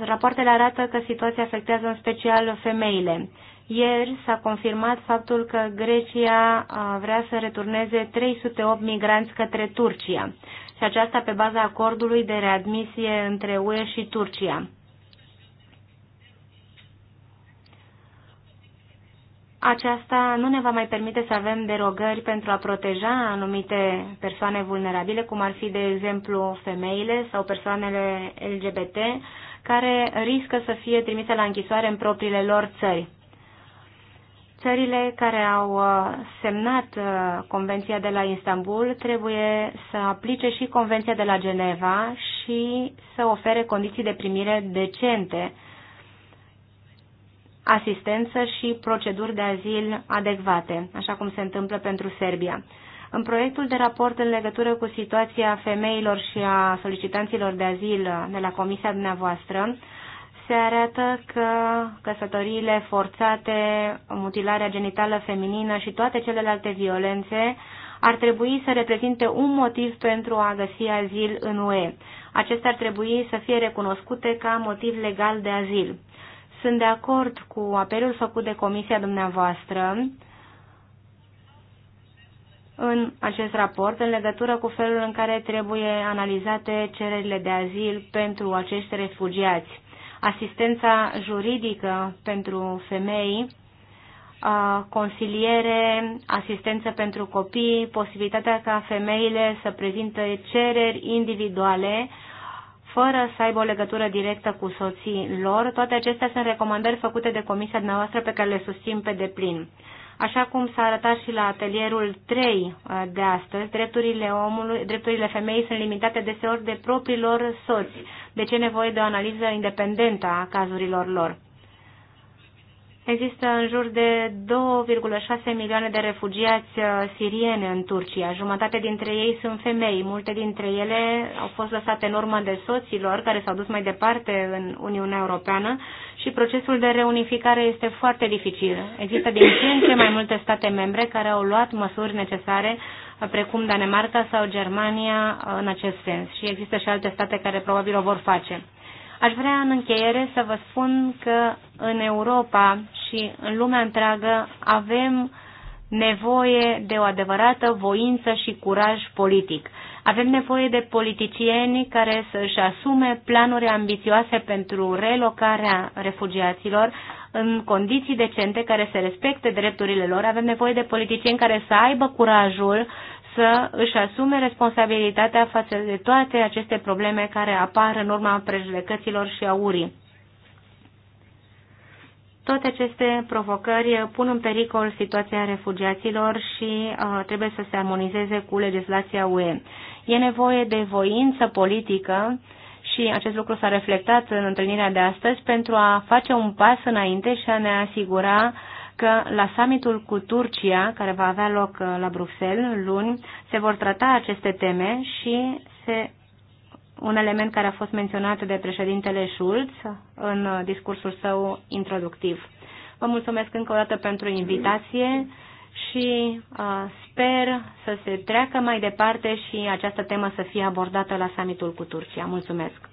Rapoartele arată că situația afectează în special femeile ieri s-a confirmat faptul că Grecia vrea să returneze 308 migranți către Turcia și aceasta pe baza acordului de readmisie între UE și Turcia. Aceasta nu ne va mai permite să avem derogări pentru a proteja anumite persoane vulnerabile, cum ar fi, de exemplu, femeile sau persoanele LGBT, care riscă să fie trimise la închisoare în propriile lor țări. Țările care au uh, semnat uh, Convenția de la Istanbul trebuie să aplice și Convenția de la Geneva și să ofere condiții de primire decente, asistență și proceduri de azil adecvate, așa cum se întâmplă pentru Serbia. În proiectul de raport în legătură cu situația femeilor și a solicitanților de azil uh, de la Comisia dumneavoastră, se arată că căsătoriile forțate, mutilarea genitală feminină și toate celelalte violențe ar trebui să reprezinte un motiv pentru a găsi azil în UE. Acestea ar trebui să fie recunoscute ca motiv legal de azil. Sunt de acord cu apelul făcut de comisia dumneavoastră în acest raport în legătură cu felul în care trebuie analizate cererile de azil pentru acești refugiați asistența juridică pentru femei, consiliere, asistență pentru copii, posibilitatea ca femeile să prezinte cereri individuale fără să aibă o legătură directă cu soții lor. Toate acestea sunt recomandări făcute de comisia noastră pe care le susțin pe deplin. Așa cum s-a arătat și la atelierul 3 uh, de astăzi, drepturile, omului, drepturile femeii sunt limitate deseori de propriilor soți. De ce nevoie de o analiză independentă a cazurilor lor? Există în jur de 2,6 milioane de refugiați uh, sirieni în Turcia. Jumătate dintre ei sunt femei. Multe dintre ele au fost lăsate în urmă de soților care s-au dus mai departe în Uniunea Europeană și procesul de reunificare este foarte dificil. Există din ce în ce mai multe state membre care au luat măsuri necesare uh, precum Danemarca sau Germania uh, în acest sens și există și alte state care probabil o vor face. Aș vrea în încheiere să vă spun că în Europa și în lumea întreagă avem nevoie de o adevărată voință și curaj politic. Avem nevoie de politicieni care să-și asume planuri ambițioase pentru relocarea refugiaților în condiții decente care să respecte drepturile lor. Avem nevoie de politicieni care să aibă curajul să își asume responsabilitatea față de toate aceste probleme care apar în urma prejudecăților și aurii. Toate aceste provocări pun în pericol situația refugiaților și uh, trebuie să se armonizeze cu legislația UE. E nevoie de voință politică și acest lucru s-a reflectat în întâlnirea de astăzi pentru a face un pas înainte și a ne asigura uh, că la summitul cu Turcia, care va avea loc uh, la Bruxelles luni, se vor trata aceste teme și se un element care a fost menționat de președintele Schulz în uh, discursul său introductiv. Vă mulțumesc încă o dată pentru invitație și uh, sper să se treacă mai departe și această temă să fie abordată la summitul cu Turcia. Mulțumesc!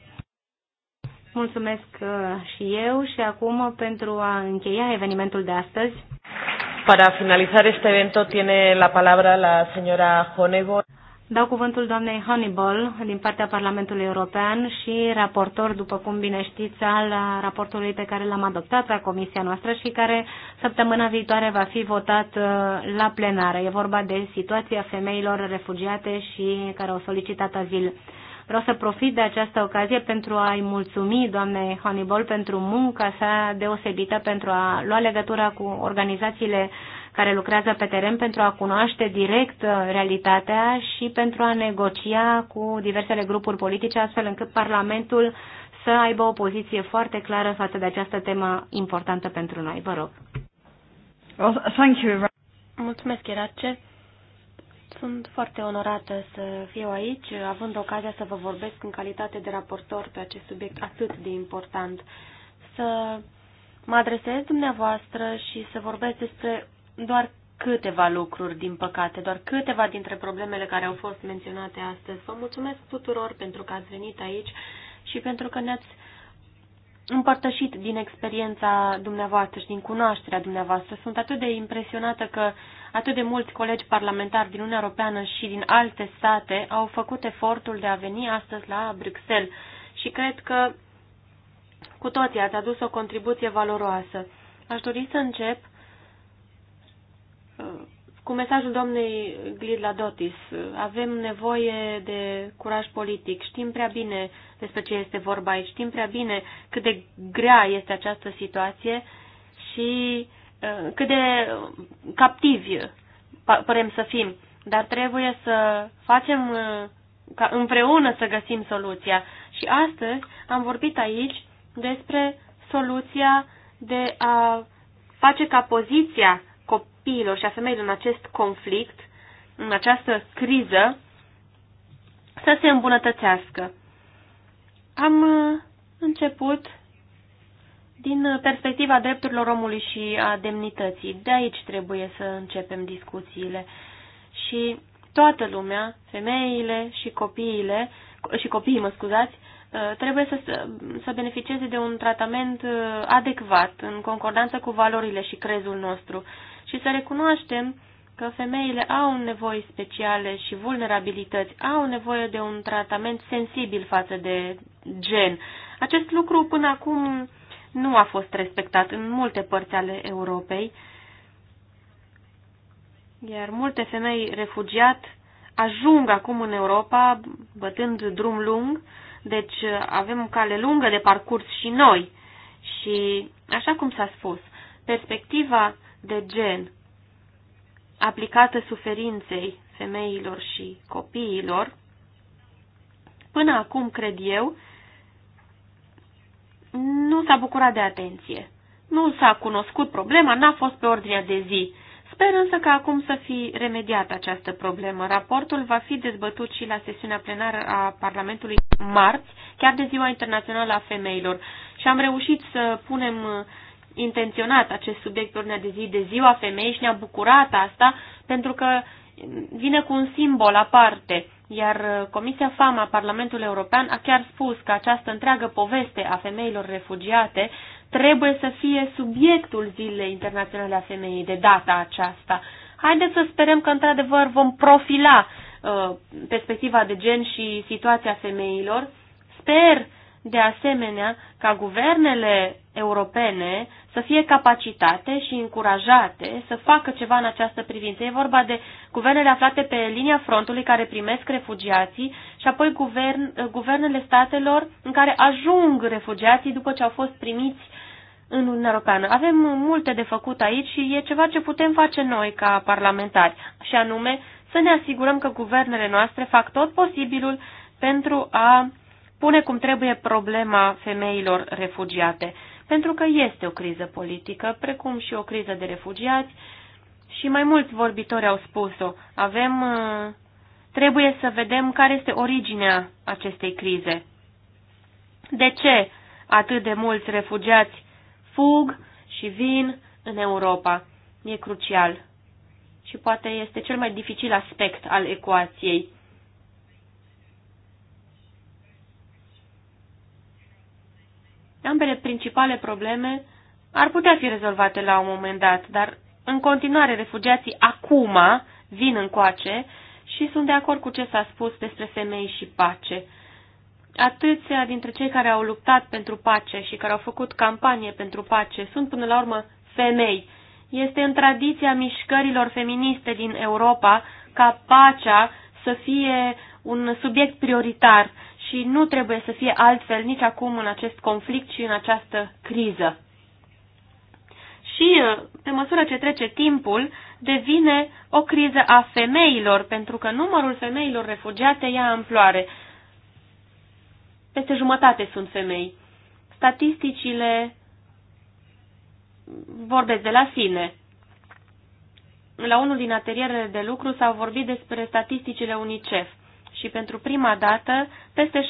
Mulțumesc uh, și eu și acum pentru a încheia evenimentul de astăzi. Para finalizar este evento tiene la palabra la señora Honeyball. Dau cuvântul doamnei Honeyball din partea Parlamentului European și raportor, după cum bine știți, al raportului pe care l-am adoptat la comisia noastră și care săptămâna viitoare va fi votat uh, la plenară. E vorba de situația femeilor refugiate și care au solicitat azil Vreau să profit de această ocazie pentru a-i mulțumi doamnei Honeyball pentru munca sa deosebită, pentru a lua legătura cu organizațiile care lucrează pe teren pentru a cunoaște direct uh, realitatea și pentru a negocia cu diversele grupuri politice, astfel încât Parlamentul să aibă o poziție foarte clară față de această temă importantă pentru noi. Vă rog. Well, thank you. Mulțumesc, Irace. Sunt foarte onorată să fiu aici, având ocazia să vă vorbesc în calitate de raportor pe acest subiect atât de important. Să mă adresez dumneavoastră și să vorbesc despre doar câteva lucruri, din păcate, doar câteva dintre problemele care au fost menționate astăzi. Vă mulțumesc tuturor pentru că ați venit aici și pentru că ne-ați împărtășit din experiența dumneavoastră și din cunoașterea dumneavoastră. Sunt atât de impresionată că atât de mulți colegi parlamentari din Uniunea Europeană și din alte state au făcut efortul de a veni astăzi la Bruxelles și cred că cu toții ați adus o contribuție valoroasă. Aș dori să încep uh, cu mesajul doamnei Glidla Dotis. Avem nevoie de curaj politic. Știm prea bine despre ce este vorba aici. Știm prea bine cât de grea este această situație și uh, cât de captivi părem să fim. Dar trebuie să facem uh, ca împreună să găsim soluția. Și astăzi am vorbit aici despre soluția de a face ca poziția copiilor și a femeilor în acest conflict, în această criză, să se îmbunătățească. Am uh, început din uh, perspectiva drepturilor omului și a demnității. De aici trebuie să începem discuțiile. Și toată lumea, femeile și copiile, și copiii, mă scuzați, uh, trebuie să, să beneficieze de un tratament adecvat, în concordanță cu valorile și crezul nostru și să recunoaștem că femeile au nevoi speciale și vulnerabilități, au nevoie de un tratament sensibil față de gen. Acest lucru până acum nu a fost respectat în multe părți ale Europei, iar multe femei refugiat ajung acum în Europa bătând drum lung, deci avem cale lungă de parcurs și noi. Și, așa cum s-a spus, perspectiva de gen aplicată suferinței femeilor și copiilor, până acum, cred eu, nu s-a bucurat de atenție. Nu s-a cunoscut problema, n-a fost pe ordinea de zi. Sper însă că acum să fi remediată această problemă. Raportul va fi dezbătut și la sesiunea plenară a Parlamentului marți, chiar de Ziua Internațională a Femeilor. Și am reușit să punem intenționat acest subiect pe de zi de ziua femeii și ne-a bucurat asta pentru că vine cu un simbol aparte, iar uh, Comisia FAMA Parlamentul European a chiar spus că această întreagă poveste a femeilor refugiate trebuie să fie subiectul Zilei Internaționale a Femeii de data aceasta. Haideți să sperăm că într-adevăr vom profila uh, perspectiva de gen și situația femeilor. Sper de asemenea ca guvernele europene să fie capacitate și încurajate să facă ceva în această privință. E vorba de guvernele aflate pe linia frontului care primesc refugiații și apoi guvern, guvernele statelor în care ajung refugiații după ce au fost primiți în Uniunea Europeană. Avem multe de făcut aici și e ceva ce putem face noi ca parlamentari, și anume să ne asigurăm că guvernele noastre fac tot posibilul pentru a pune cum trebuie problema femeilor refugiate, pentru că este o criză politică, precum și o criză de refugiați și mai mulți vorbitori au spus-o. Avem, uh, trebuie să vedem care este originea acestei crize. De ce atât de mulți refugiați fug și vin în Europa? E crucial și poate este cel mai dificil aspect al ecuației. Ambele principale probleme ar putea fi rezolvate la un moment dat, dar în continuare refugiații acum vin încoace și sunt de acord cu ce s-a spus despre femei și pace. Atâția dintre cei care au luptat pentru pace și care au făcut campanie pentru pace sunt până la urmă femei. Este în tradiția mișcărilor feministe din Europa ca pacea să fie un subiect prioritar și nu trebuie să fie altfel nici acum în acest conflict și în această criză. Și uh, pe măsură ce trece timpul, devine o criză a femeilor, pentru că numărul femeilor refugiate ia amploare. Peste jumătate sunt femei. Statisticile vorbesc de la sine. La unul din atelierele de lucru s au vorbit despre statisticile UNICEF și pentru prima dată peste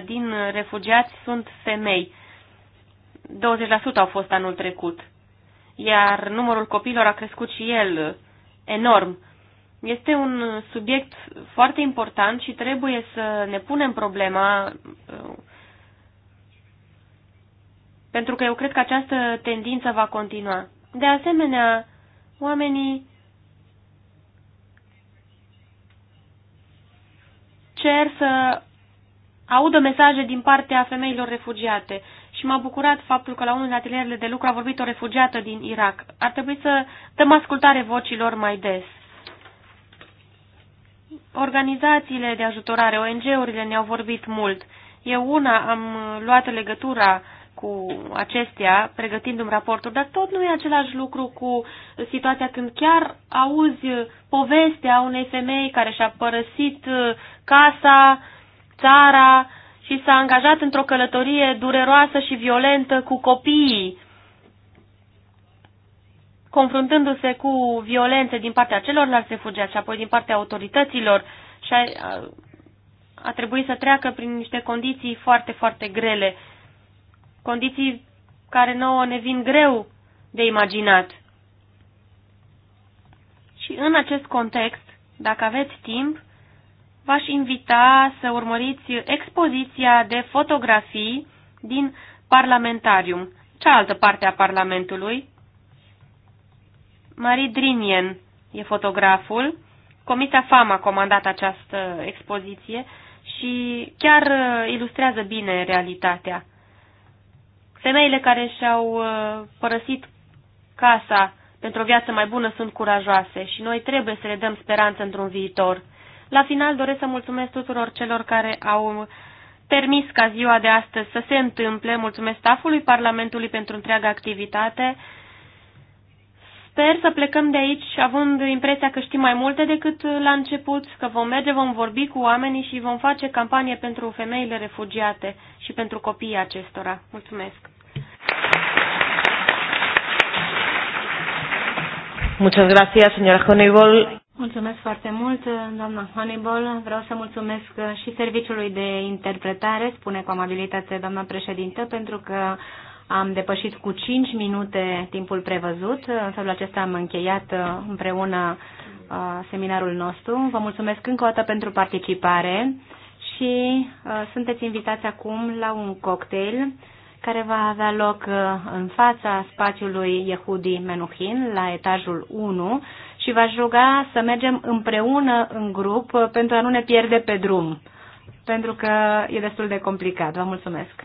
60% din refugiați sunt femei. 20% au fost anul trecut. Iar numărul copiilor a crescut și el enorm. Este un subiect foarte important și trebuie să ne punem problema pentru că eu cred că această tendință va continua. De asemenea, oamenii cer să audă mesaje din partea femeilor refugiate și m-a bucurat faptul că la unul din atelierele de lucru a vorbit o refugiată din Irak. Ar trebui să dăm ascultare vocilor mai des. Organizațiile de ajutorare, ONG-urile ne-au vorbit mult. Eu una am luat legătura cu acestea, pregătindu-mi raportul, dar tot nu e același lucru cu situația când chiar auzi povestea unei femei care și-a părăsit uh, casa, țara și s-a angajat într-o călătorie dureroasă și violentă cu copiii, confruntându-se cu violențe din partea celorlalți refugiați și apoi din partea autorităților și a, a, a trebuit să treacă prin niște condiții foarte, foarte grele Condiții care nouă ne vin greu de imaginat. Și în acest context, dacă aveți timp, v-aș invita să urmăriți expoziția de fotografii din Parlamentarium, cealaltă parte a Parlamentului. Marie Drinien e fotograful. Comisia FAM a comandat această expoziție și chiar uh, ilustrează bine realitatea. Femeile care și-au uh, părăsit casa pentru o viață mai bună sunt curajoase și noi trebuie să le dăm speranță într-un viitor. La final doresc să mulțumesc tuturor celor care au permis ca ziua de astăzi să se întâmple. Mulțumesc stafului Parlamentului pentru întreaga activitate. Sper să plecăm de aici având impresia că știm mai multe decât la început, că vom merge, vom vorbi cu oamenii și vom face campanie pentru femeile refugiate și pentru copiii acestora. Mulțumesc! Muchas gracias, señora Honeyball. Mulțumesc foarte mult, doamna Honeyball. Vreau să mulțumesc și serviciului de interpretare, spune cu amabilitate doamna președintă, pentru că am depășit cu 5 minute timpul prevăzut. În felul acesta am încheiat împreună uh, seminarul nostru. Vă mulțumesc încă o dată pentru participare și uh, sunteți invitați acum la un cocktail care va avea loc uh, în fața spațiului Yehudi Menuhin, la etajul 1, și v-aș ruga să mergem împreună în grup uh, pentru a nu ne pierde pe drum, pentru că e destul de complicat. Vă mulțumesc!